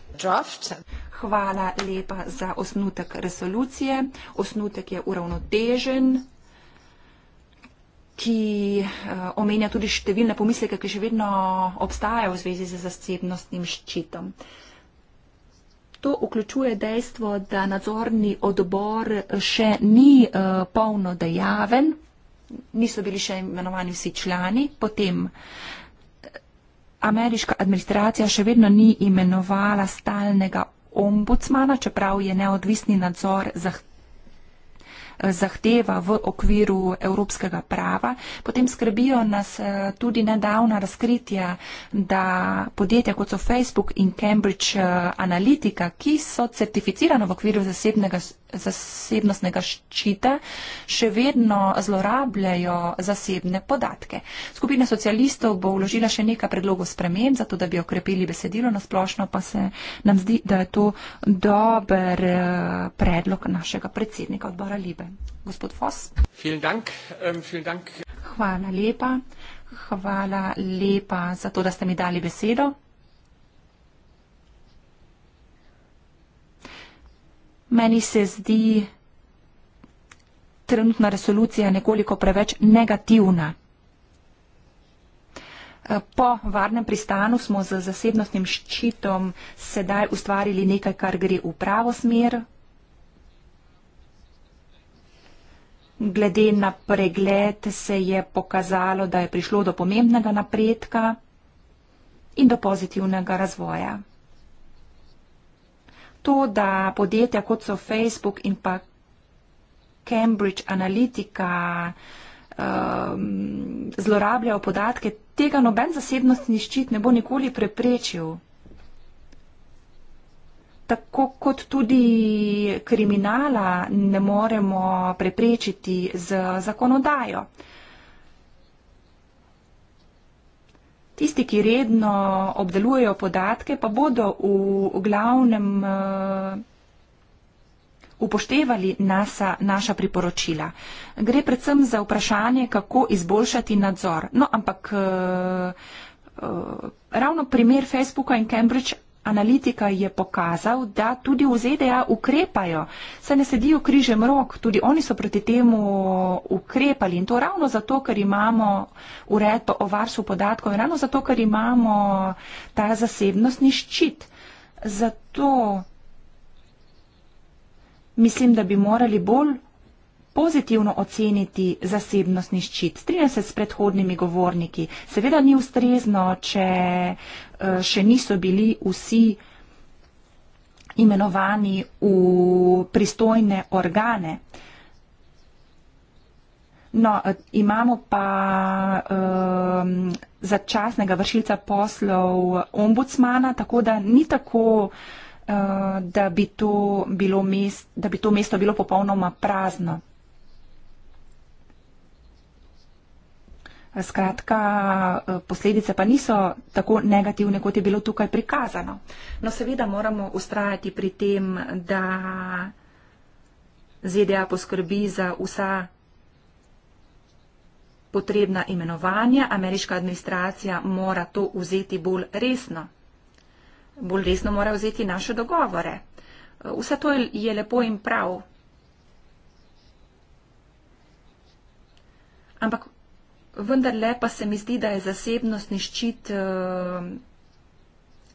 Hvala lepa za osnutek resolucije. Osnutek je uravnotežen ki eh, omenja tudi številne pomisleke, ki še vedno obstajajo v zvezi z zasebnostnim ščitom. To vključuje dejstvo, da nadzorni odbor še ni eh, polno dejaven, niso bili še imenovani vsi člani, potem eh, ameriška administracija še vedno ni imenovala stalnega ombudsmana, čeprav je neodvisni nadzor zahteval zahteva v okviru evropskega prava. Potem skrbijo nas eh, tudi nedavna razkritja, da podjetja kot so Facebook in Cambridge eh, Analytica, ki so certificirano v okviru zasebnostnega ščita, še vedno zlorabljajo zasebne podatke. Skupina socialistov bo vložila še nekaj predlogov spremen, zato da bi okrepili besedilo na splošno, pa se nam zdi, da je to dober eh, predlog našega predsednika odbora Libe izvolite. Gospod Fos. Ähm, Hvala lepa. Hvala lepa za to, da ste mi dali besedo. Meni se zdi trenutna resolucija nekoliko preveč negativna. Eh, po varnem pristanu smo z zasebnostnim ščitom sedaj ustvarili nekaj, kar gre v pravo smer, Glede na pregled se je pokazalo, da je prišlo do pomembnega napredka in do pozitivnega razvoja. To, da podjetja kot so Facebook in pa Cambridge Analytica um, zlorabljajo podatke, tega noben zasebnostni ščit ne bo nikoli preprečil tako kot tudi kriminala ne moremo preprečiti z zakonodajo. Tisti, ki redno obdelujejo podatke, pa bodo v glavnem eh, upoštevali nasa, naša priporočila. Gre predvsem za vprašanje, kako izboljšati nadzor. No, ampak eh, eh, ravno primer Facebooka in Cambridge analitika je pokazal, da tudi v ZDA ukrepajo, saj ne sedijo križem rok, tudi oni so proti temu ukrepali in to ravno zato, ker imamo ureto o varstvu podatkov in ravno zato, ker imamo ta zasebnostni ščit. Zato mislim, da bi morali bolj pozitivno oceniti zasebnostni ščit. Strinjam se s predhodnimi govorniki. Seveda ni ustrezno, če eh, še niso bili vsi imenovani v pristojne organe. No, eh, imamo pa um, začasnega vršilca poslov ombudsmana, tako da ni tako, uh, da, bi mest, da bi to mesto bilo popolnoma prazno. Skratka, e, posledice pa niso tako negativne, kot je bilo tukaj prikazano. No, seveda moramo ustrajati pri tem, da ZDA poskrbi za vsa potrebna imenovanja. Ameriška administracija mora to vzeti bolj resno. Bolj resno mora vzeti naše dogovore. E, vse to je lepo in prav. Ampak vendarle pa se mi zdi, da je zasebnostni ščit eh,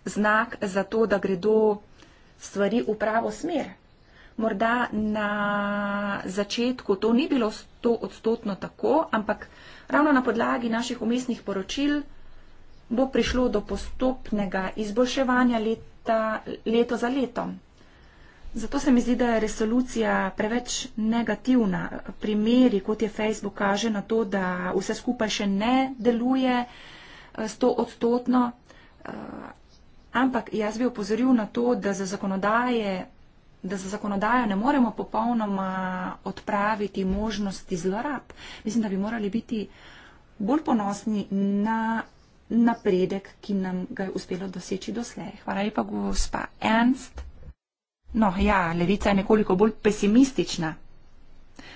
znak za to, da gredo stvari v pravo smer. Morda na začetku to ni bilo sto odstotno tako, ampak ravno na podlagi naših umestnih poročil bo prišlo do postopnega izboljševanja leta, leto za letom. Zato se mi zdi, da je resolucija preveč negativna. Primeri, kot je Facebook, kaže na to, da vse skupaj še ne deluje eh, stoodstotno. Eh, ampak jaz bi opozoril na to, da za, da za zakonodajo ne moremo popolnoma odpraviti možnosti zlorab. Mislim, da bi morali biti bolj ponosni na napredek, ki nam ga je uspelo doseči doslej. Hvala lepa, gospa Ernst. No, ja, levica je nekoliko bolj pesimistična.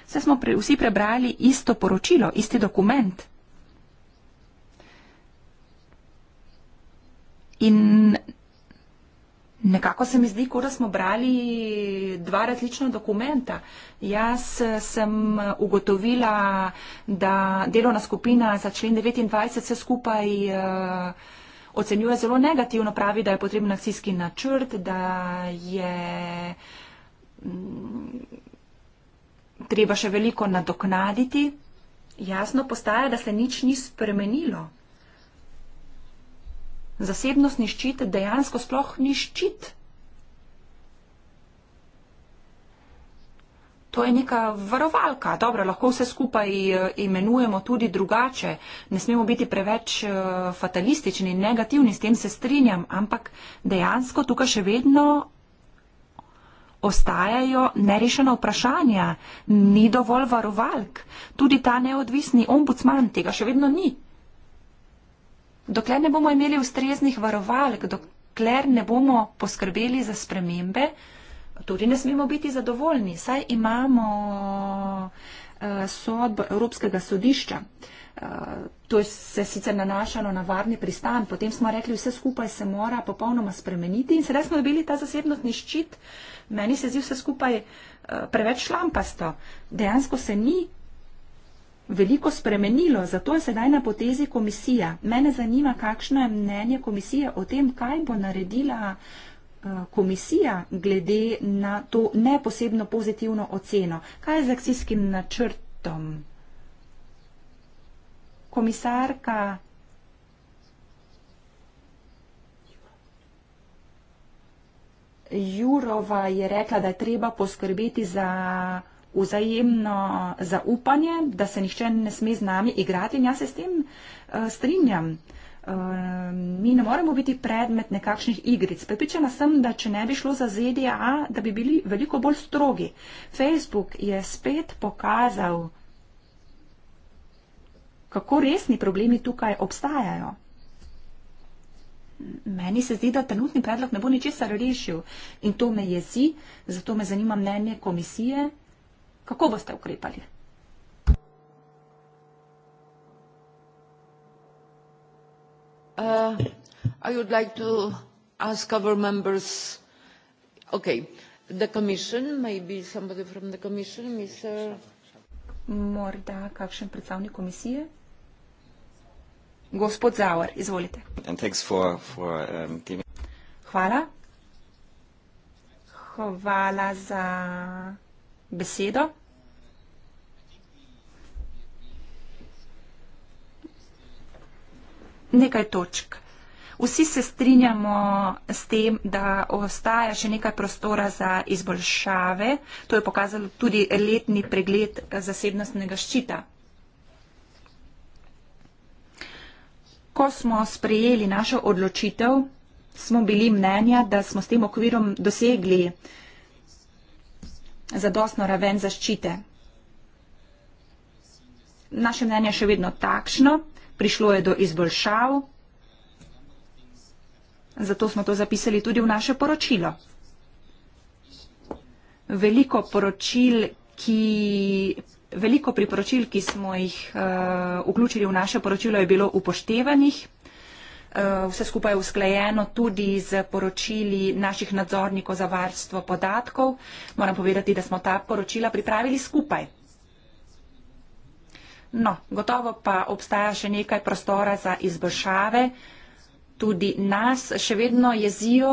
Se smo pre, vsi prebrali isto poročilo, isti dokument. In nekako se mi zdi, kot da smo brali dva različna dokumenta. Jaz sem ugotovila, da delovna skupina za člen 29 se skupaj. Uh, ocenjuje zelo negativno, pravi, da je potreben akcijski načrt, da je mm, treba še veliko nadoknaditi. Jasno postaja, da se nič ni spremenilo. Zasebnost ni ščit, dejansko sploh ni ščit. To je neka varovalka. Dobro, lahko vse skupaj eh, imenujemo tudi drugače. Ne smemo biti preveč eh, fatalistični in negativni, s tem se strinjam, ampak dejansko tukaj še vedno ostajajo nerešena vprašanja. Ni dovolj varovalk. Tudi ta neodvisni ombudsman tega še vedno ni. Dokler ne bomo imeli ustreznih varovalk, dokler ne bomo poskrbeli za spremembe, tudi ne smemo biti zadovoljni, saj imamo eh, sodb Evropskega sodišča. Eh, to se sicer nanašalo na varni pristan, potem smo rekli, vse skupaj se mora popolnoma spremeniti in sedaj smo dobili ta zasebnostni ščit. Meni se zdi vse skupaj eh, preveč šlampasto. Dejansko se ni veliko spremenilo, zato je sedaj na potezi komisija. Mene zanima, kakšno je mnenje komisije o tem, kaj bo naredila Eh, komisija glede na to neposebno pozitivno oceno? Kaj je z akcijskim načrtom? Komisarka. Jurova je rekla, da je treba poskrbeti za vzajemno zaupanje, da se nihče ne sme z nami igrati in jaz se s tem uh, strinjam. Uh, Ehm, mi ne moremo biti predmet nekakšnih igric. Pripričana sem, da če ne bi šlo za ZDA, da bi bili veliko bolj strogi. Facebook je spet pokazal, kako resni problemi tukaj obstajajo. Meni se zdi, da trenutni predlog ne bo ničesar rešil in to me jezi, zato me zanima mnenje komisije. Kako boste ukrepali? Uh, i would like to ask our members okay the commission maybe somebody from the commission mr morda kakšen predstavnik komisije gospod zauer izvolite and thanks for for um, giving hvala hvala za besedo nekaj točk. Vsi se strinjamo s tem, da ostaja še nekaj prostora za izboljšave. To je pokazalo tudi letni pregled zasebnostnega ščita. Ko smo sprejeli našo odločitev, smo bili mnenja, da smo s tem okvirom dosegli zadostno raven zaščite. Naše mnenje je še vedno takšno prišlo je do izboljšav, zato smo to zapisali tudi v naše poročilo. Veliko, poročil, ki, veliko priporočil, ki smo jih uh, vključili v naše poročilo, je bilo upoštevanih. Eh, vse skupaj je usklajeno tudi z poročili naših nadzornikov za varstvo podatkov. Moram povedati, da smo ta poročila pripravili skupaj. No, gotovo pa obstaja še nekaj prostora za izboljšave. Tudi nas še vedno jezijo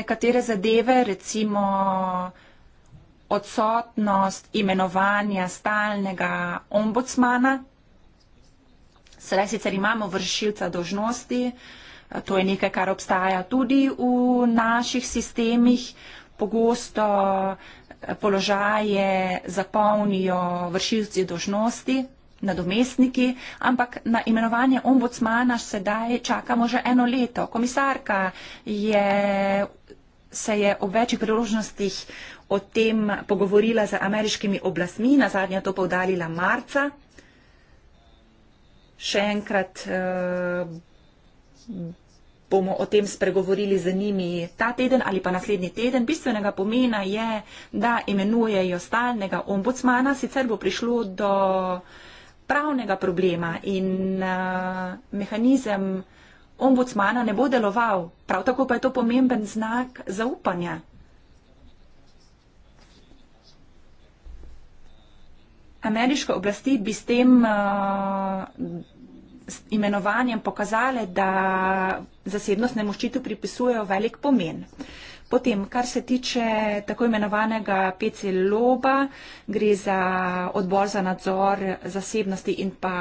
nekatere zadeve, recimo odsotnost imenovanja stalnega ombudsmana. Sedaj sicer imamo vršilca dožnosti, to je nekaj, kar obstaja tudi v naših sistemih. Pogosto položaje zapolnijo vršilci dožnosti, nadomestniki, ampak na imenovanje ombudsmana sedaj čakamo že eno leto. Komisarka je, se je v večjih priložnostih o tem pogovorila z ameriškimi oblastmi, na zadnje to povdalila marca. Še enkrat. Uh, bomo o tem spregovorili z njimi ta teden ali pa naslednji teden. Bistvenega pomena je, da imenujejo stalnega ombudsmana, sicer bo prišlo do pravnega problema in uh, mehanizem ombudsmana ne bo deloval. Prav tako pa je to pomemben znak zaupanja. Ameriške oblasti bi s tem uh, imenovanjem pokazale, da zasebnostnemu ščitu pripisujejo velik pomen. Potem, kar se tiče tako imenovanega PC Loba, gre za odbor za nadzor zasebnosti in pa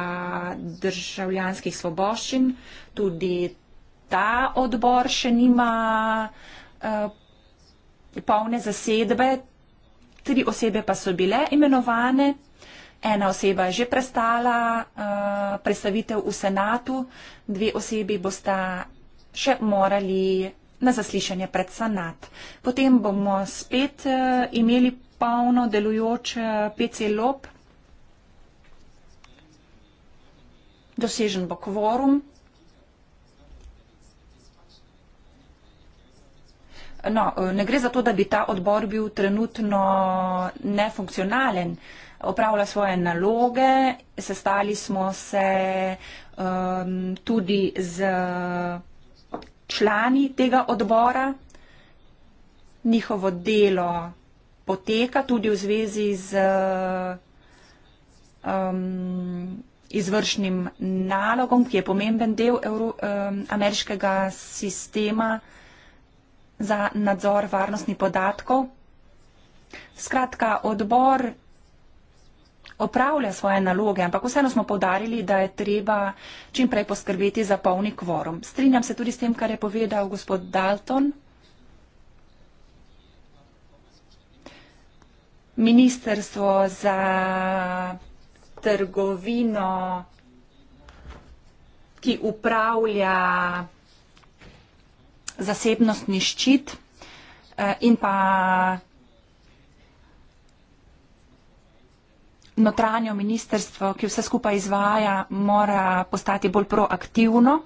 državljanskih svoboščin. Tudi ta odbor še nima uh, polne zasedbe. Tri osebe pa so bile imenovane, Ena oseba je že prestala uh, predstavitev v senatu, dve osebi bosta še morali na zaslišanje pred senat. Potem bomo spet uh, imeli polno delujoč uh, eh, PC lob. Dosežen bo kvorum. No, ne gre za to, da bi ta odbor bil trenutno nefunkcionalen. Uh, opravlja svoje naloge. Sestali smo se um, tudi z člani tega odbora. Njihovo delo poteka tudi v zvezi z um, izvršnim nalogom, ki je pomemben del Euro, um, ameriškega sistema za nadzor varnostnih podatkov. Skratka, odbor opravlja svoje naloge, ampak vseeno smo povdarili, da je treba čimprej poskrbeti za polni kvorum. Strinjam se tudi s tem, kar je povedal gospod Dalton. Ministrstvo za trgovino, ki upravlja zasebnostni ščit eh, in pa notranjo ministrstvo, ki vse skupaj izvaja, mora postati bolj proaktivno.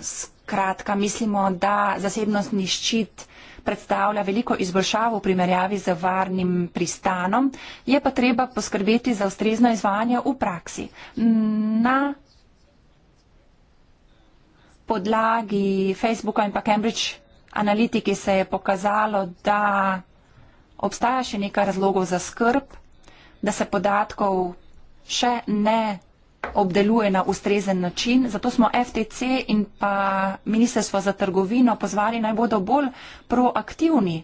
Skratka, mislimo, da zasebnostni ščit predstavlja veliko izboljšavo v primerjavi z varnim pristanom, je pa treba poskrbeti za ustrezno izvajanje v praksi. Na podlagi Facebooka in pa Cambridge analitiki se je pokazalo, da obstaja še nekaj razlogov za skrb da se podatkov še ne obdeluje na ustrezen način. Zato smo FTC in pa Ministrstvo za trgovino pozvali naj bodo bolj proaktivni.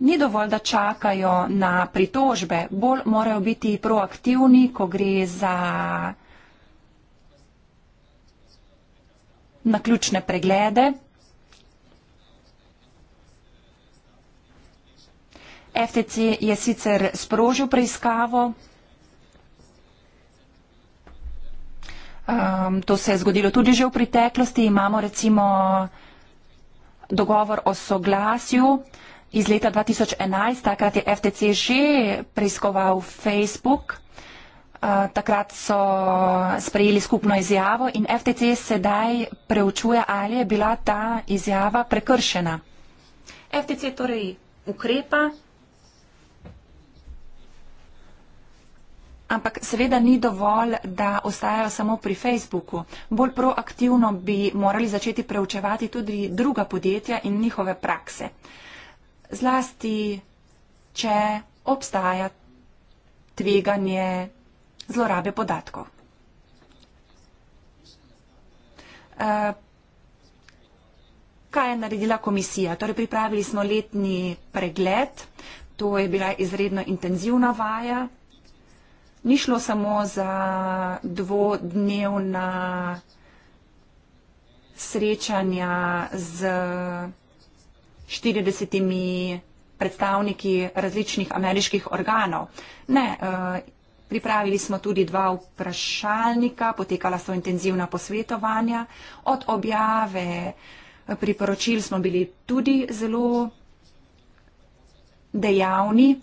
Ni dovolj, da čakajo na pritožbe, bolj morajo biti proaktivni, ko gre za naključne preglede. FTC je sicer sprožil preiskavo. Um, to se je zgodilo tudi že v preteklosti. Imamo recimo dogovor o soglasju iz leta 2011. Takrat je FTC že preiskoval Facebook. Uh, takrat so sprejeli skupno izjavo in FTC sedaj preučuje, ali je bila ta izjava prekršena. FTC torej ukrepa Ampak seveda ni dovolj, da ostajajo samo pri Facebooku. Bolj proaktivno bi morali začeti preučevati tudi druga podjetja in njihove prakse. Zlasti, če obstaja tveganje zlorabe podatkov. Eh, kaj je naredila komisija? Torej, pripravili smo letni pregled. To je bila izredno intenzivna vaja ni šlo samo za dvodnevna srečanja z 40 predstavniki različnih ameriških organov. Ne, eh, pripravili smo tudi dva vprašalnika, potekala so intenzivna posvetovanja. Od objave eh, priporočil smo bili tudi zelo dejavni.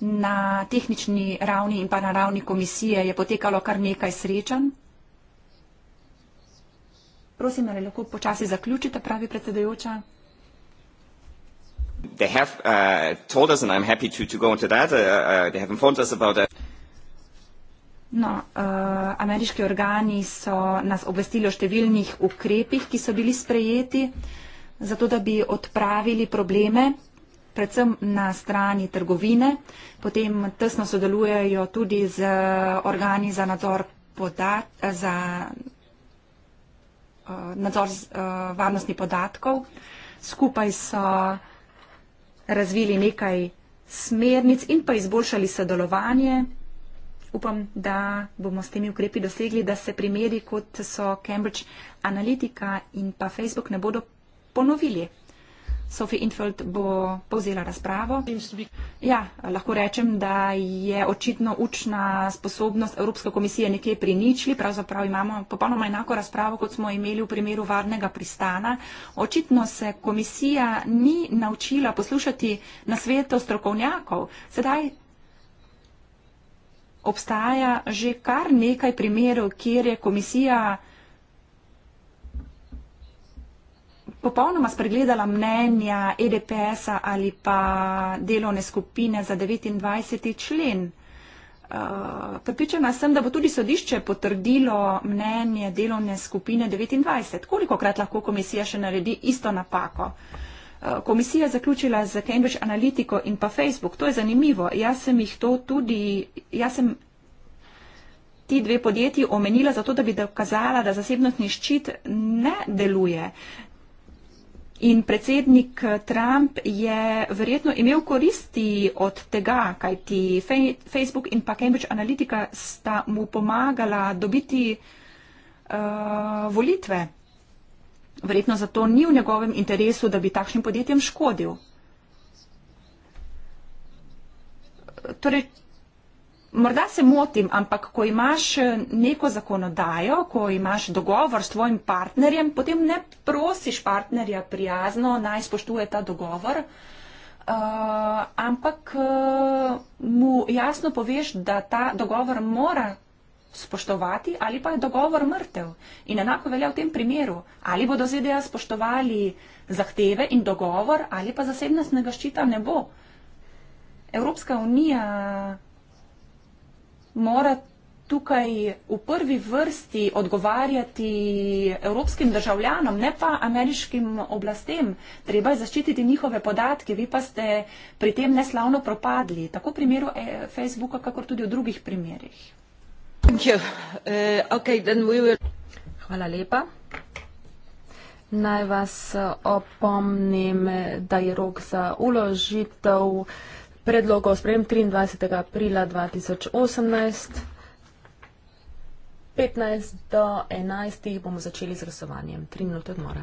Na tehnični ravni in pa na ravni komisije je potekalo kar nekaj srečanj. Prosim, ali lahko počasi zaključite, pravi predsedajoča. Uh, uh, uh, no, uh, ameriški organi so nas obvestili o številnih ukrepih, ki so bili sprejeti, zato da bi odpravili probleme predvsem na strani trgovine, potem tesno sodelujejo tudi z eh, organi za nadzor podat, eh, za eh, nadzor varnosti podatkov. Skupaj so razvili nekaj smernic in pa izboljšali sodelovanje. Upam, da bomo s temi ukrepi dosegli, da se primeri, kot so Cambridge Analytica in pa Facebook, ne bodo ponovili. Sophie Infeld bo povzela razpravo. Ja, lahko rečem, da je očitno učna sposobnost Evropske komisije nekje pri ničli. Pravzaprav imamo popolnoma enako razpravo, kot smo imeli v primeru varnega pristana. Očitno se komisija ni naučila poslušati na svetu strokovnjakov. Sedaj obstaja že kar nekaj primerov, kjer je komisija popolnoma spregledala mnenja EDPS-a ali pa delovne skupine za 29. člen. Eh, pripričana sem, da bo tudi sodišče potrdilo mnenje delovne skupine 29. Koliko krat lahko komisija še naredi isto napako? Eh, komisija je zaključila za Cambridge Analytico in pa Facebook. To je zanimivo. Jaz sem jih to tudi, jaz sem ti dve podjetji omenila zato, da bi dokazala, da zasebnostni ščit ne deluje. In predsednik Trump je verjetno imel koristi od tega, kaj ti Facebook in pa Cambridge Analytica sta mu pomagala dobiti uh, volitve. Verjetno zato ni v njegovem interesu, da bi takšnim podjetjem škodil. Torej, Morda se motim, ampak ko imaš eh, neko zakonodajo, ko imaš dogovor s tvojim partnerjem, potem ne prosiš partnerja prijazno, naj spoštuje ta dogovor, uh, ampak uh, mu jasno poveš, da ta dogovor mora spoštovati ali pa je dogovor mrtev. In enako velja v tem primeru, ali bodo ZDA spoštovali zahteve in dogovor ali pa zasebnostnega ščita ne bo. Evropska unija mora tukaj v prvi vrsti odgovarjati evropskim državljanom, ne pa ameriškim oblastem. Treba je zaščititi njihove podatke, vi pa ste pri tem neslavno propadli, tako v primeru eh, Facebooka, kakor tudi v drugih primerjih. Eh, Hvala lepa. Naj vas eh, opomnim, da je rok za uložitev predlogov sprejem 23. aprila 2018. 15 do 11 bomo začeli z glasovanjem. 3 minute odmora.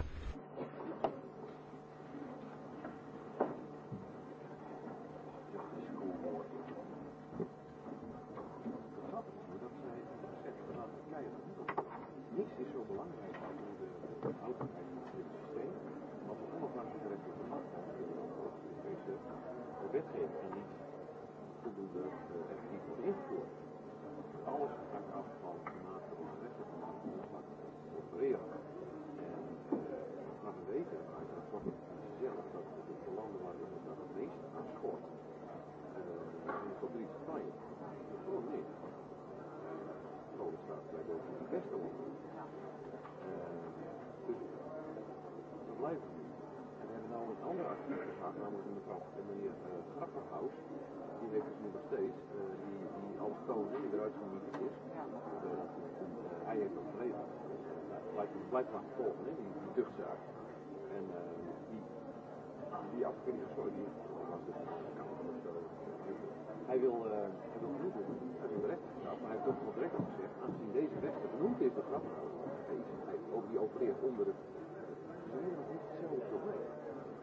namelijk een mevrouw en meneer uh, Grapperhaus. Die werken ze nu nog steeds. Uh, die, die als toon, die eruit van niet is. Ja. Uh, en, uh, hij heeft overleden. Dus, uh, blijft maar volgen, die, die duchtzaak. En uh, die, die afkundige, sorry, die was dus hij wil uh, hij wil doen. Hij wil recht maar hij heeft ook nog recht gezegd. Aangezien deze rechter benoemd is de grap, hij, hij, hij, ook die opereert onder het. Dus hij heeft hetzelfde probleem.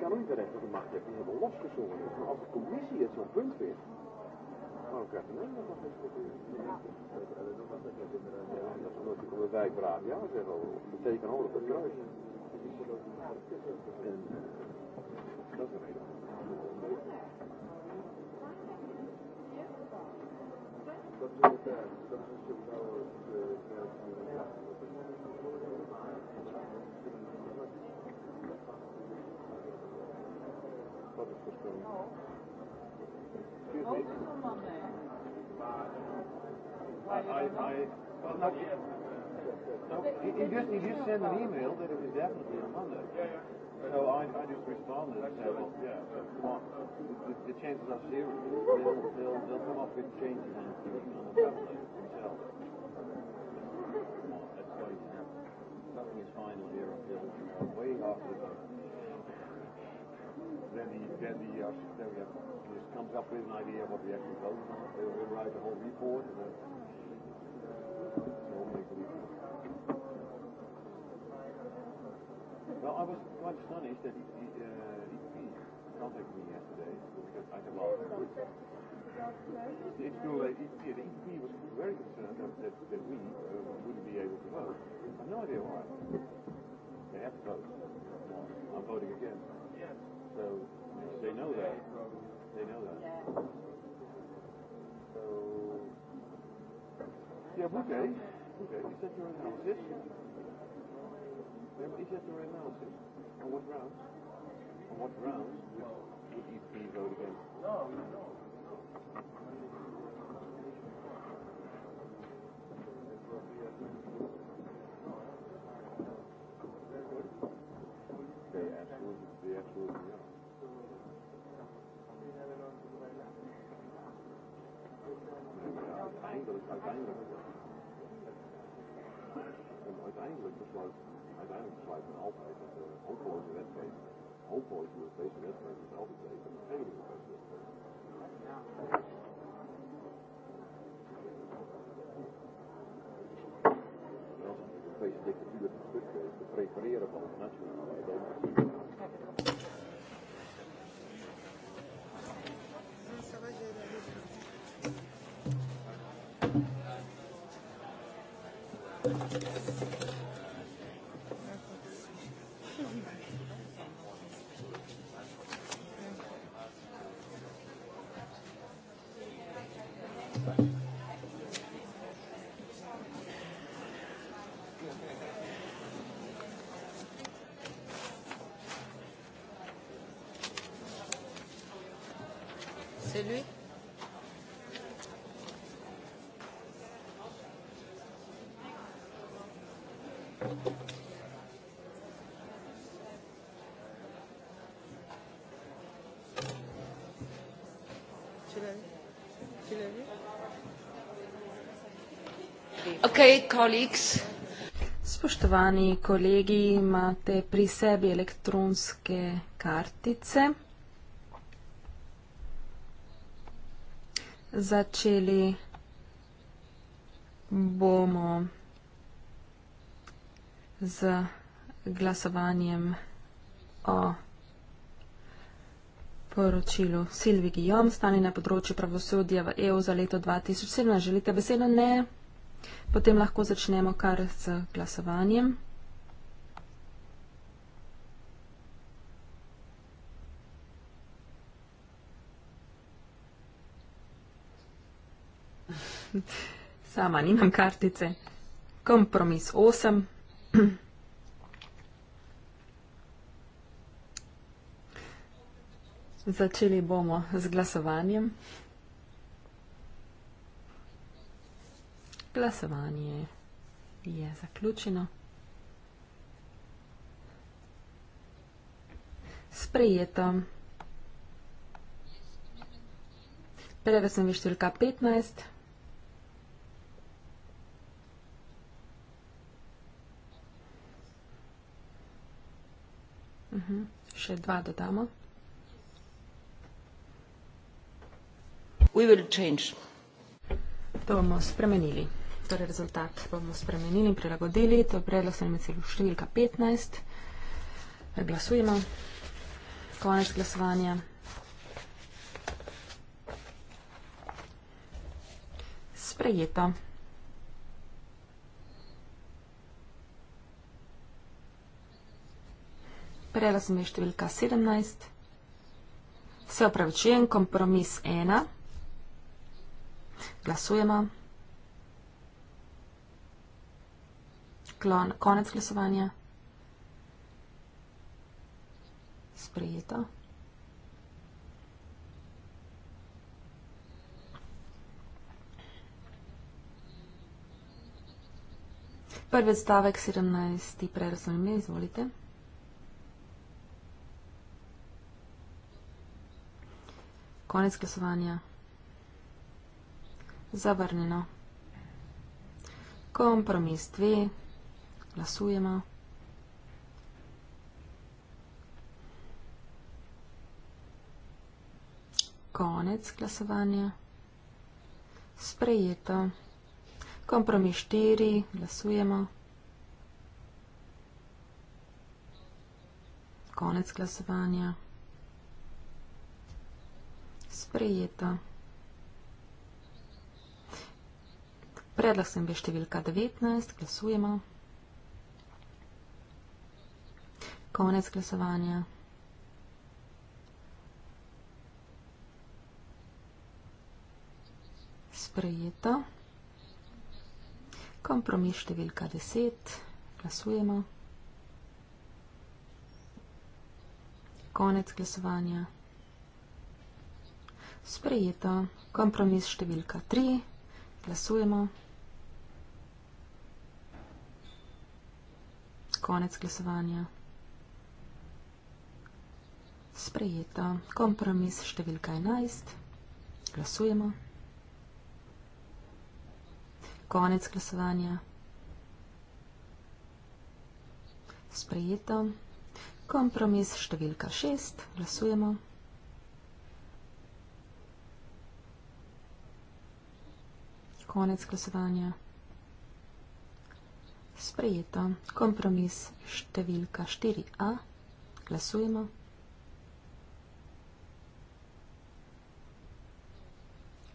kan ook niet de rechter de macht hebben, die hebben losgezongen. Maar als de commissie het zo'n punt vindt, dan krijgt de nemen nog eens proberen. Ja, dat is omdat ik op de wijk praat. Ja, zeg wel, dat betekent ook op het kruis. En dat is de reden. Dat is een simpel, dat is een simpel, dat is een simpel. I, I, I'm not sure. He just sent an email that it was definitely on Monday. Yeah, yeah. So I, I just responded and said, well, yeah, so the, the chances are zero. They'll, they'll, they'll come up with changes on the themselves. Come on, that's why nothing is final here until way after the then he then the uh, there we go. He just comes up with an idea of what the actual goes on. They'll rewrite the whole report and then Well, I was quite astonished that he, he, uh, he, he contacted me yesterday because I said, well, it's, it's too late. He, he, he was very concerned that, that, that we uh, wouldn't be able to vote. I have no idea why. They have to vote. Well, I'm voting against so they know that. They know that. So. Yeah, okay. Okay, he said you're in analysis. He said you're in analysis. On what grounds? On what grounds would he be voted against? No, no. Thank no. you. saying that it's again a good one. And again, with this was, again, it's like an old place, the old boys in that case, old boys who were facing that place, it's all the same, and the same was this Face dikke vuur van de putkeuze, de prefereren van het nationale. C'est lui tu l'as vu Tu l'as vu Ok, colleagues. Spoštovani kolegi, imate pri sebi elektronske kartice. Začeli bomo z glasovanjem o poročilu. Silvi Gijom, stanje na področju pravosodja v EU za leto 2017. Želite besedo? Ne. Potem lahko začnemo kar z glasovanjem. Sama nimam kartice. Kompromis 8. Začeli bomo z glasovanjem. Glasovanje je zaključeno. Sprejeto. Preveč sem številka 15. Uh -huh. Še dva dodamo. To bomo spremenili. Torej rezultat bomo spremenili in prilagodili. To je predlog sami celo številka 15. Glasujemo. Konec glasovanja. Sprejeto. Prelazim je številka 17. Se opravičujem, kompromis 1. Glasujemo. Klon, konec glasovanja. Sprejeto. Prvi stavek 17. prerazum ime, izvolite. Konec glasovanja zavrnjeno. Kompromis 2, glasujemo. Konec glasovanja. Sprejeto. Kompromis 4, glasujemo. Konec glasovanja. Sprejeto. predlog sem bil številka 19, glasujemo. Konec glasovanja. Sprejeto. Kompromis številka 10, glasujemo. Konec glasovanja. Sprejeto. Kompromis številka 3, glasujemo. konec glasovanja. Sprejeta. Kompromis številka 11. Glasujemo. Konec glasovanja. Sprejeta. Kompromis številka 6. Glasujemo. Konec glasovanja sprejeto. Kompromis številka 4a. Glasujemo.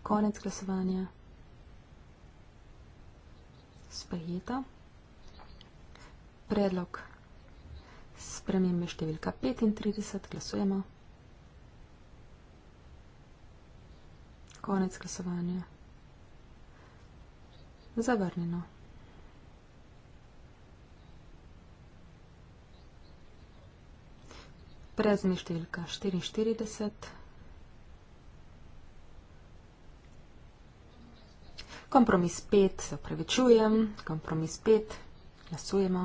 Konec glasovanja. Sprejeto. Predlog spremembe številka 35. Glasujemo. Konec glasovanja. Zavrnjeno. prezni številka 44. Kompromis 5, se upravičujem, kompromis 5, glasujemo.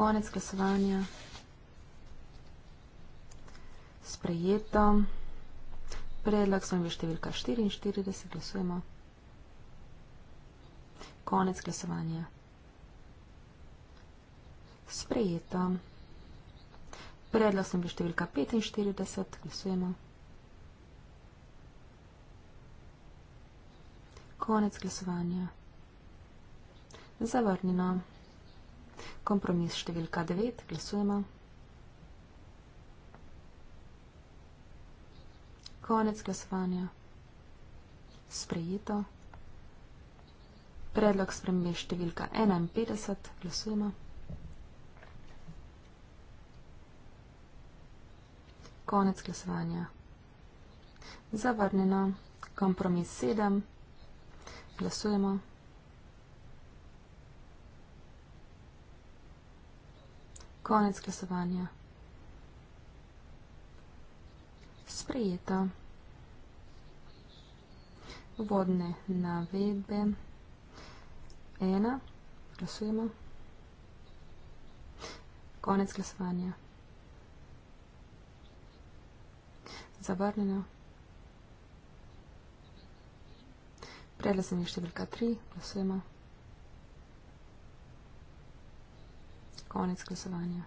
Konec glasovanja. Sprejeto. Predlog smo imeli številka 44, glasujemo. Konec glasovanja sprejeta. Predlog sem bil številka 45, glasujemo. Konec glasovanja. Zavrnjeno. Kompromis številka 9, glasujemo. Konec glasovanja. Sprejeto. Predlog spremembe številka 51, glasujemo. konec glasovanja. Zavrnjeno. Kompromis 7. Glasujemo. Konec glasovanja. Sprejeto. Vodne navedbe. 1. Glasujemo. Konec glasovanja. zavrnjeno. Predlazen je številka 3, glasujemo. Konec glasovanja.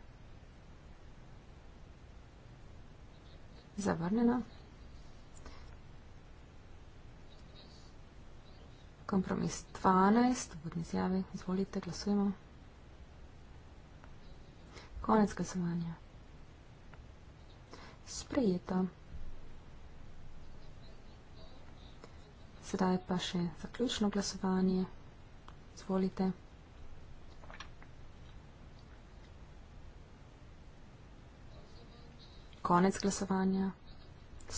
Zavrnjeno. Kompromis 12, vodni zjavi, izvolite, glasujemo. Konec glasovanja. Sprejeto. Sedaj pa še zaključno glasovanje. Zvolite. Konec glasovanja.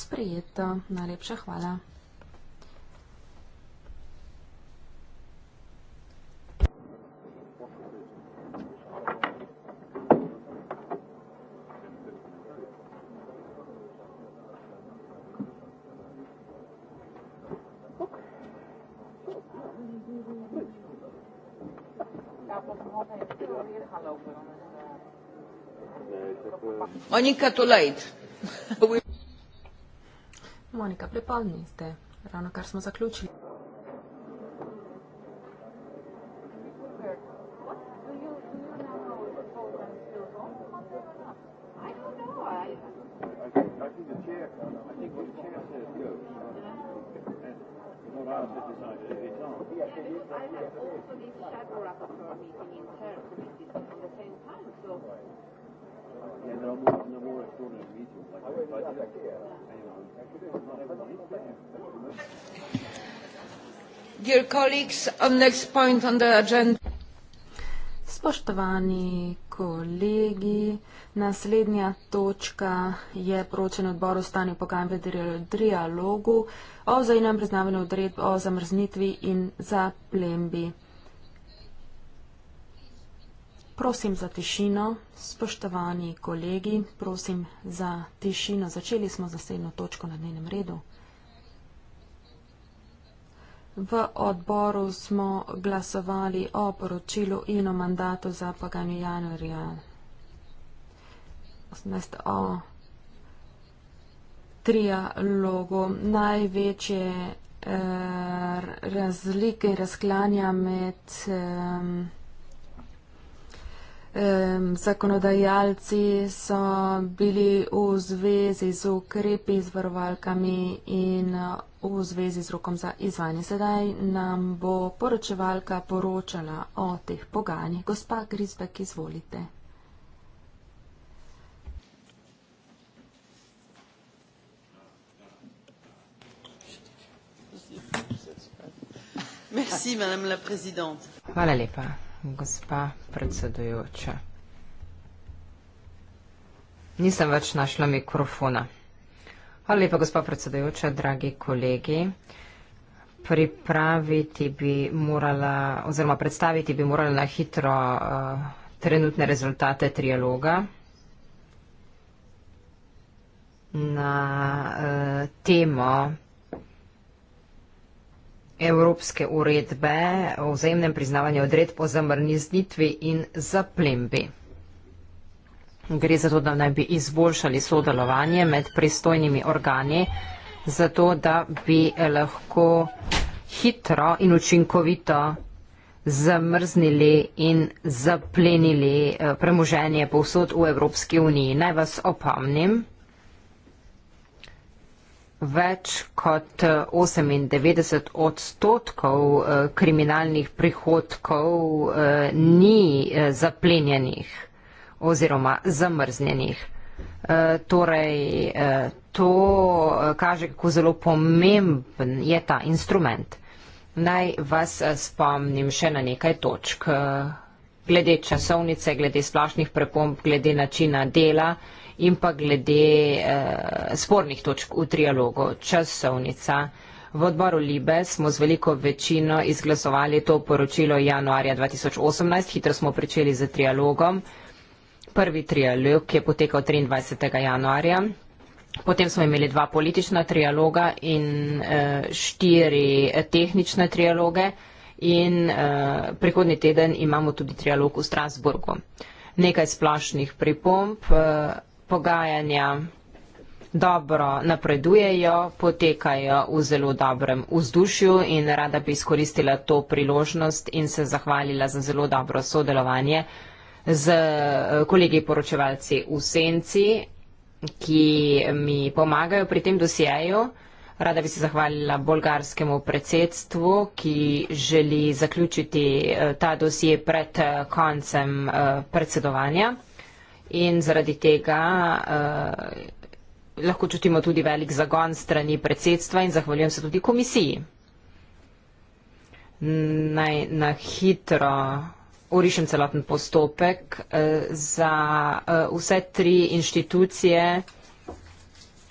Sprijeto. Najlepša hvala. Monica Tulajd. Monika Prepal niste. Ravno kar smo zaključili. Um, spoštovani kolegi, naslednja točka je poročen odbor o stanju pogajanj v dialogu o vzajemnem priznavanju odredb o zamrznitvi in zaplembi. Prosim za tišino, spoštovani kolegi, prosim za tišino. Začeli smo z naslednjo točko na dnevnem redu. V odboru smo glasovali o poročilu in o mandatu za pagano januarja. O trialogu največje eh, razlike razklanja med eh, zakonodajalci so bili v zvezi z ukrepi z varovalkami in v zvezi z rokom za izvajanje. Sedaj nam bo poročevalka poročala o teh pogajanjih. Gospa Grisbek, izvolite. Hvala lepa gospa predsedujoča. Nisem več našla mikrofona. Hvala lepa, gospa predsedujoča, dragi kolegi. Pripraviti bi morala oziroma predstaviti bi morala na hitro uh, trenutne rezultate trialoga na uh, temo evropske uredbe o vzajemnem priznavanju odredb o zamrznitvi in zaplembi. Gre za to, da naj bi izboljšali sodelovanje med pristojnimi organi, zato da bi lahko hitro in učinkovito zamrznili in zaplenili eh, premoženje povsod v Evropski uniji. Naj vas opomnim več kot 98 eh, odstotkov eh, kriminalnih prihodkov eh, ni zaplenjenih oziroma zamrznjenih. Torej, to kaže, kako zelo pomemben je ta instrument. Naj vas spomnim še na nekaj točk glede časovnice, glede splošnih prepomb, glede načina dela in pa glede eh, spornih točk v trialogu. Časovnica. V odboru Libe smo z veliko večino izglasovali to poročilo januarja 2018. Hitro smo pričeli z trialogom. Prvi trialog je potekal 23. januarja. Potem smo imeli dva politična trialoga in eh, štiri tehnične trialoge in uh, eh, prihodni teden imamo tudi trialog v Strasburgu. Nekaj splošnih pripomp, uh, eh, pogajanja dobro napredujejo, potekajo v zelo dobrem vzdušju in rada bi izkoristila to priložnost in se zahvalila za zelo dobro sodelovanje z eh, kolegi poročevalci v Senci, ki mi pomagajo pri tem dosjeju. Rada bi se zahvalila bolgarskemu predsedstvu, ki želi zaključiti eh, ta dosje pred eh, koncem eh, predsedovanja. In zaradi tega eh, lahko čutimo tudi velik zagon strani predsedstva in zahvaljujem se tudi komisiji. Naj na hitro urišem celoten postopek eh, za eh, vse tri inštitucije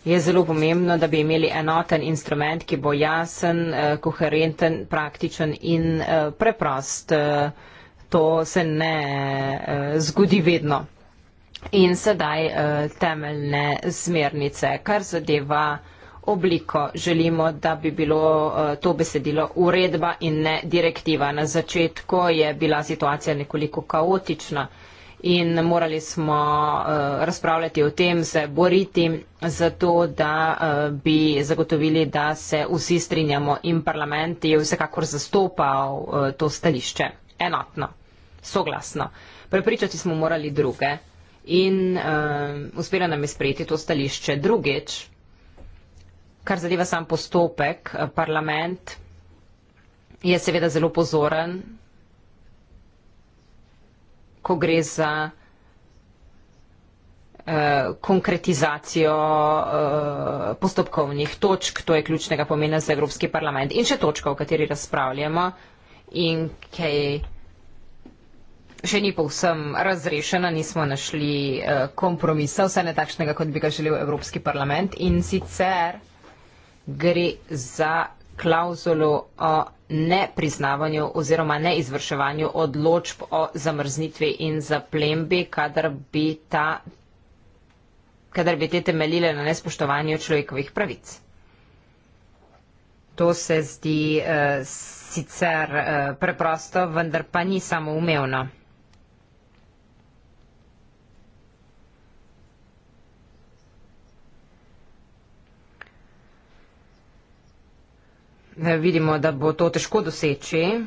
je zelo pomembno, da bi imeli enoten instrument, ki bo jasen, eh, koherenten, praktičen in eh, preprost. Eh, to se ne zgodi vedno. In sedaj temeljne smernice, kar zadeva obliko. Želimo, da bi bilo to besedilo uredba in ne direktiva. Na začetku je bila situacija nekoliko kaotična in morali smo eh, razpravljati o tem, se boriti za to, da eh, bi zagotovili, da se vsi strinjamo in parlament je vsekakor zastopal eh, to stališče enotno, soglasno. Prepričati smo morali druge in uh, uspelo nam je sprejeti to stališče drugič, kar zadeva sam postopek. Parlament je seveda zelo pozoren, ko gre za eh, konkretizacijo eh, postopkovnih točk, to je ključnega pomena za Evropski parlament. In še točka, o kateri razpravljamo in kaj še ni povsem razrešena, nismo našli eh, kompromisa, vse ne takšnega, kot bi ga želel Evropski parlament. In sicer gre za klauzulo o nepriznavanju oziroma neizvrševanju odločb o zamrznitvi in zaplembi, kadar bi, ta, kadar bi te temeljile na nespoštovanju človekovih pravic. To se zdi uh, sicer uh, preprosto, vendar pa ni samoumevno. vidimo, da bo to težko doseči.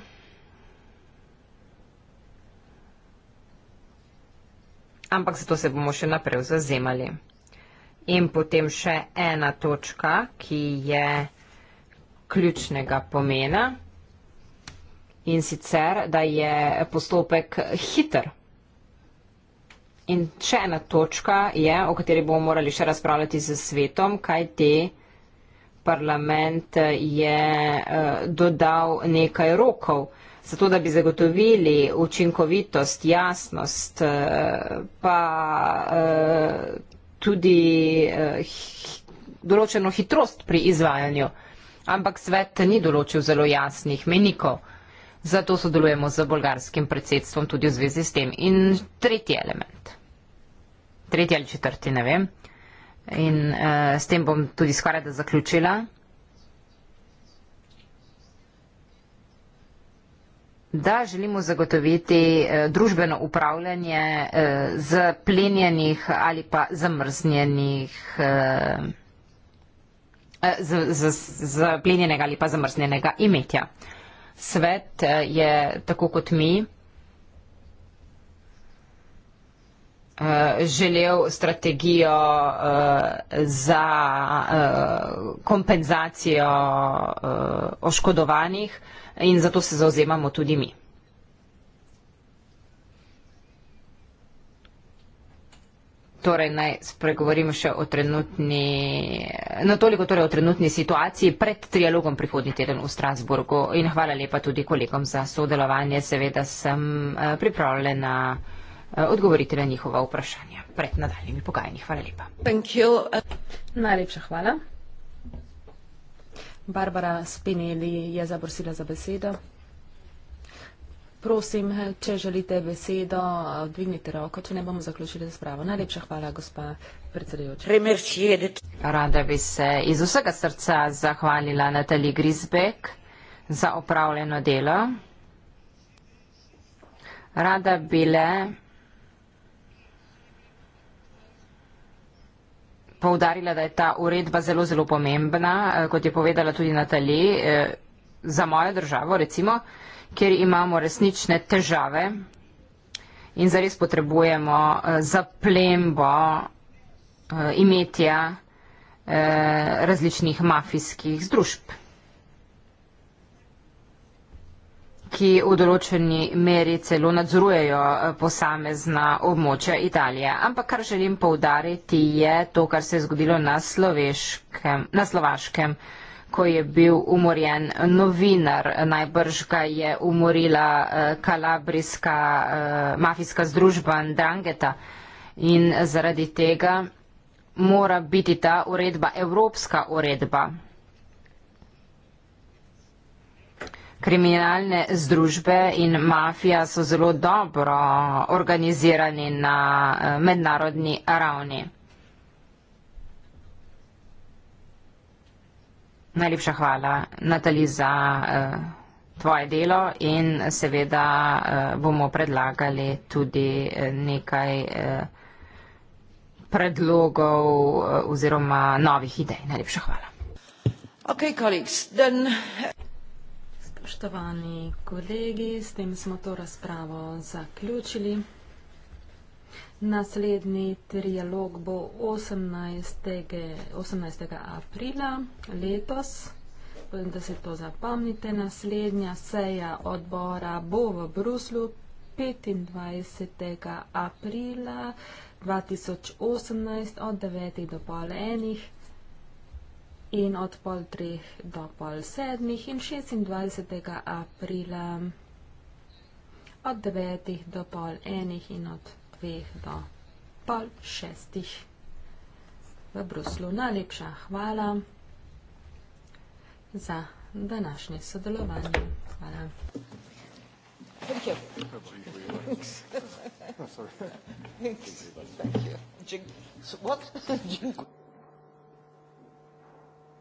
Ampak zato se bomo še naprej zazemali. In potem še ena točka, ki je ključnega pomena in sicer, da je postopek hiter. In še ena točka je, o kateri bomo morali še razpravljati z svetom, kaj te parlament eh, je eh, dodal nekaj rokov, zato da bi zagotovili učinkovitost, jasnost, eh, pa tudi določeno hitrost pri izvajanju. Ampak svet ni določil zelo jasnih menikov. Zato sodelujemo z bolgarskim predsedstvom tudi v zvezi s tem. In tretji element. Tretji ali četrti, ne vem in uh, s tem bom tudi skoraj da zaključila. da želimo zagotoviti eh, družbeno upravljanje eh, z plenjenih ali pa zamrznjenih z, z, z plenjenega ali pa zamrznjenega imetja. Svet je tako kot mi Eh, želel strategijo uh, za uh, kompenzacijo uh, oškodovanih in zato se zauzemamo tudi mi. Torej, naj spregovorim še o trenutni, na no, toliko torej o trenutni situaciji pred trialogom prihodnji teden v Strasburgu in hvala lepa tudi kolegom za sodelovanje. Seveda sem pripravljena. Eh, odgovorite na njihova vprašanja pred nadaljnimi pogajanji. Hvala lepa. Najlepša hvala. Barbara Spinelli je zaprosila za besedo. Prosim, če želite besedo, dvignite roko, če ne bomo zaključili razpravo. Najlepša hvala, gospa predsedujoča. Rada bi se iz vsega srca zahvalila Natali Grisbek za opravljeno delo. Rada bi le poudarila, da je ta uredba zelo, zelo pomembna, eh, kot je povedala tudi Natali, eh, za mojo državo, recimo, kjer imamo resnične težave in zares potrebujemo eh, zaplembo imetja različnih mafijskih združb. ki v določeni meri celo nadzorujejo eh, posamezna območja Italije. Ampak kar želim povdariti je to, kar se je zgodilo na, na Slovaškem, ko je bil umorjen novinar. Najbrž ga je umorila eh, kalabrijska eh, mafijska združba Drangeta in zaradi tega mora biti ta uredba evropska uredba. kriminalne združbe in mafija so zelo dobro organizirani na eh, mednarodni ravni. Najlepša hvala, Natali, za eh, tvoje delo in seveda eh, bomo predlagali tudi nekaj predlogov oziroma novih idej. Najlepša hvala. Okay, colleagues, then spoštovani kolegi, s tem smo to razpravo zaključili. Naslednji trialog bo 18. 18. aprila letos, da se to zapomnite. Naslednja seja odbora bo v Bruslu 25. aprila 2018 od 9. do pol enih in od pol treh do pol sedmih in 26. aprila od devetih do pol enih in od dveh do pol šestih v Bruslu. Najlepša hvala za današnje sodelovanje. Hvala. Thank you. Thank you. [laughs] Thank you. Thank you. Thank you.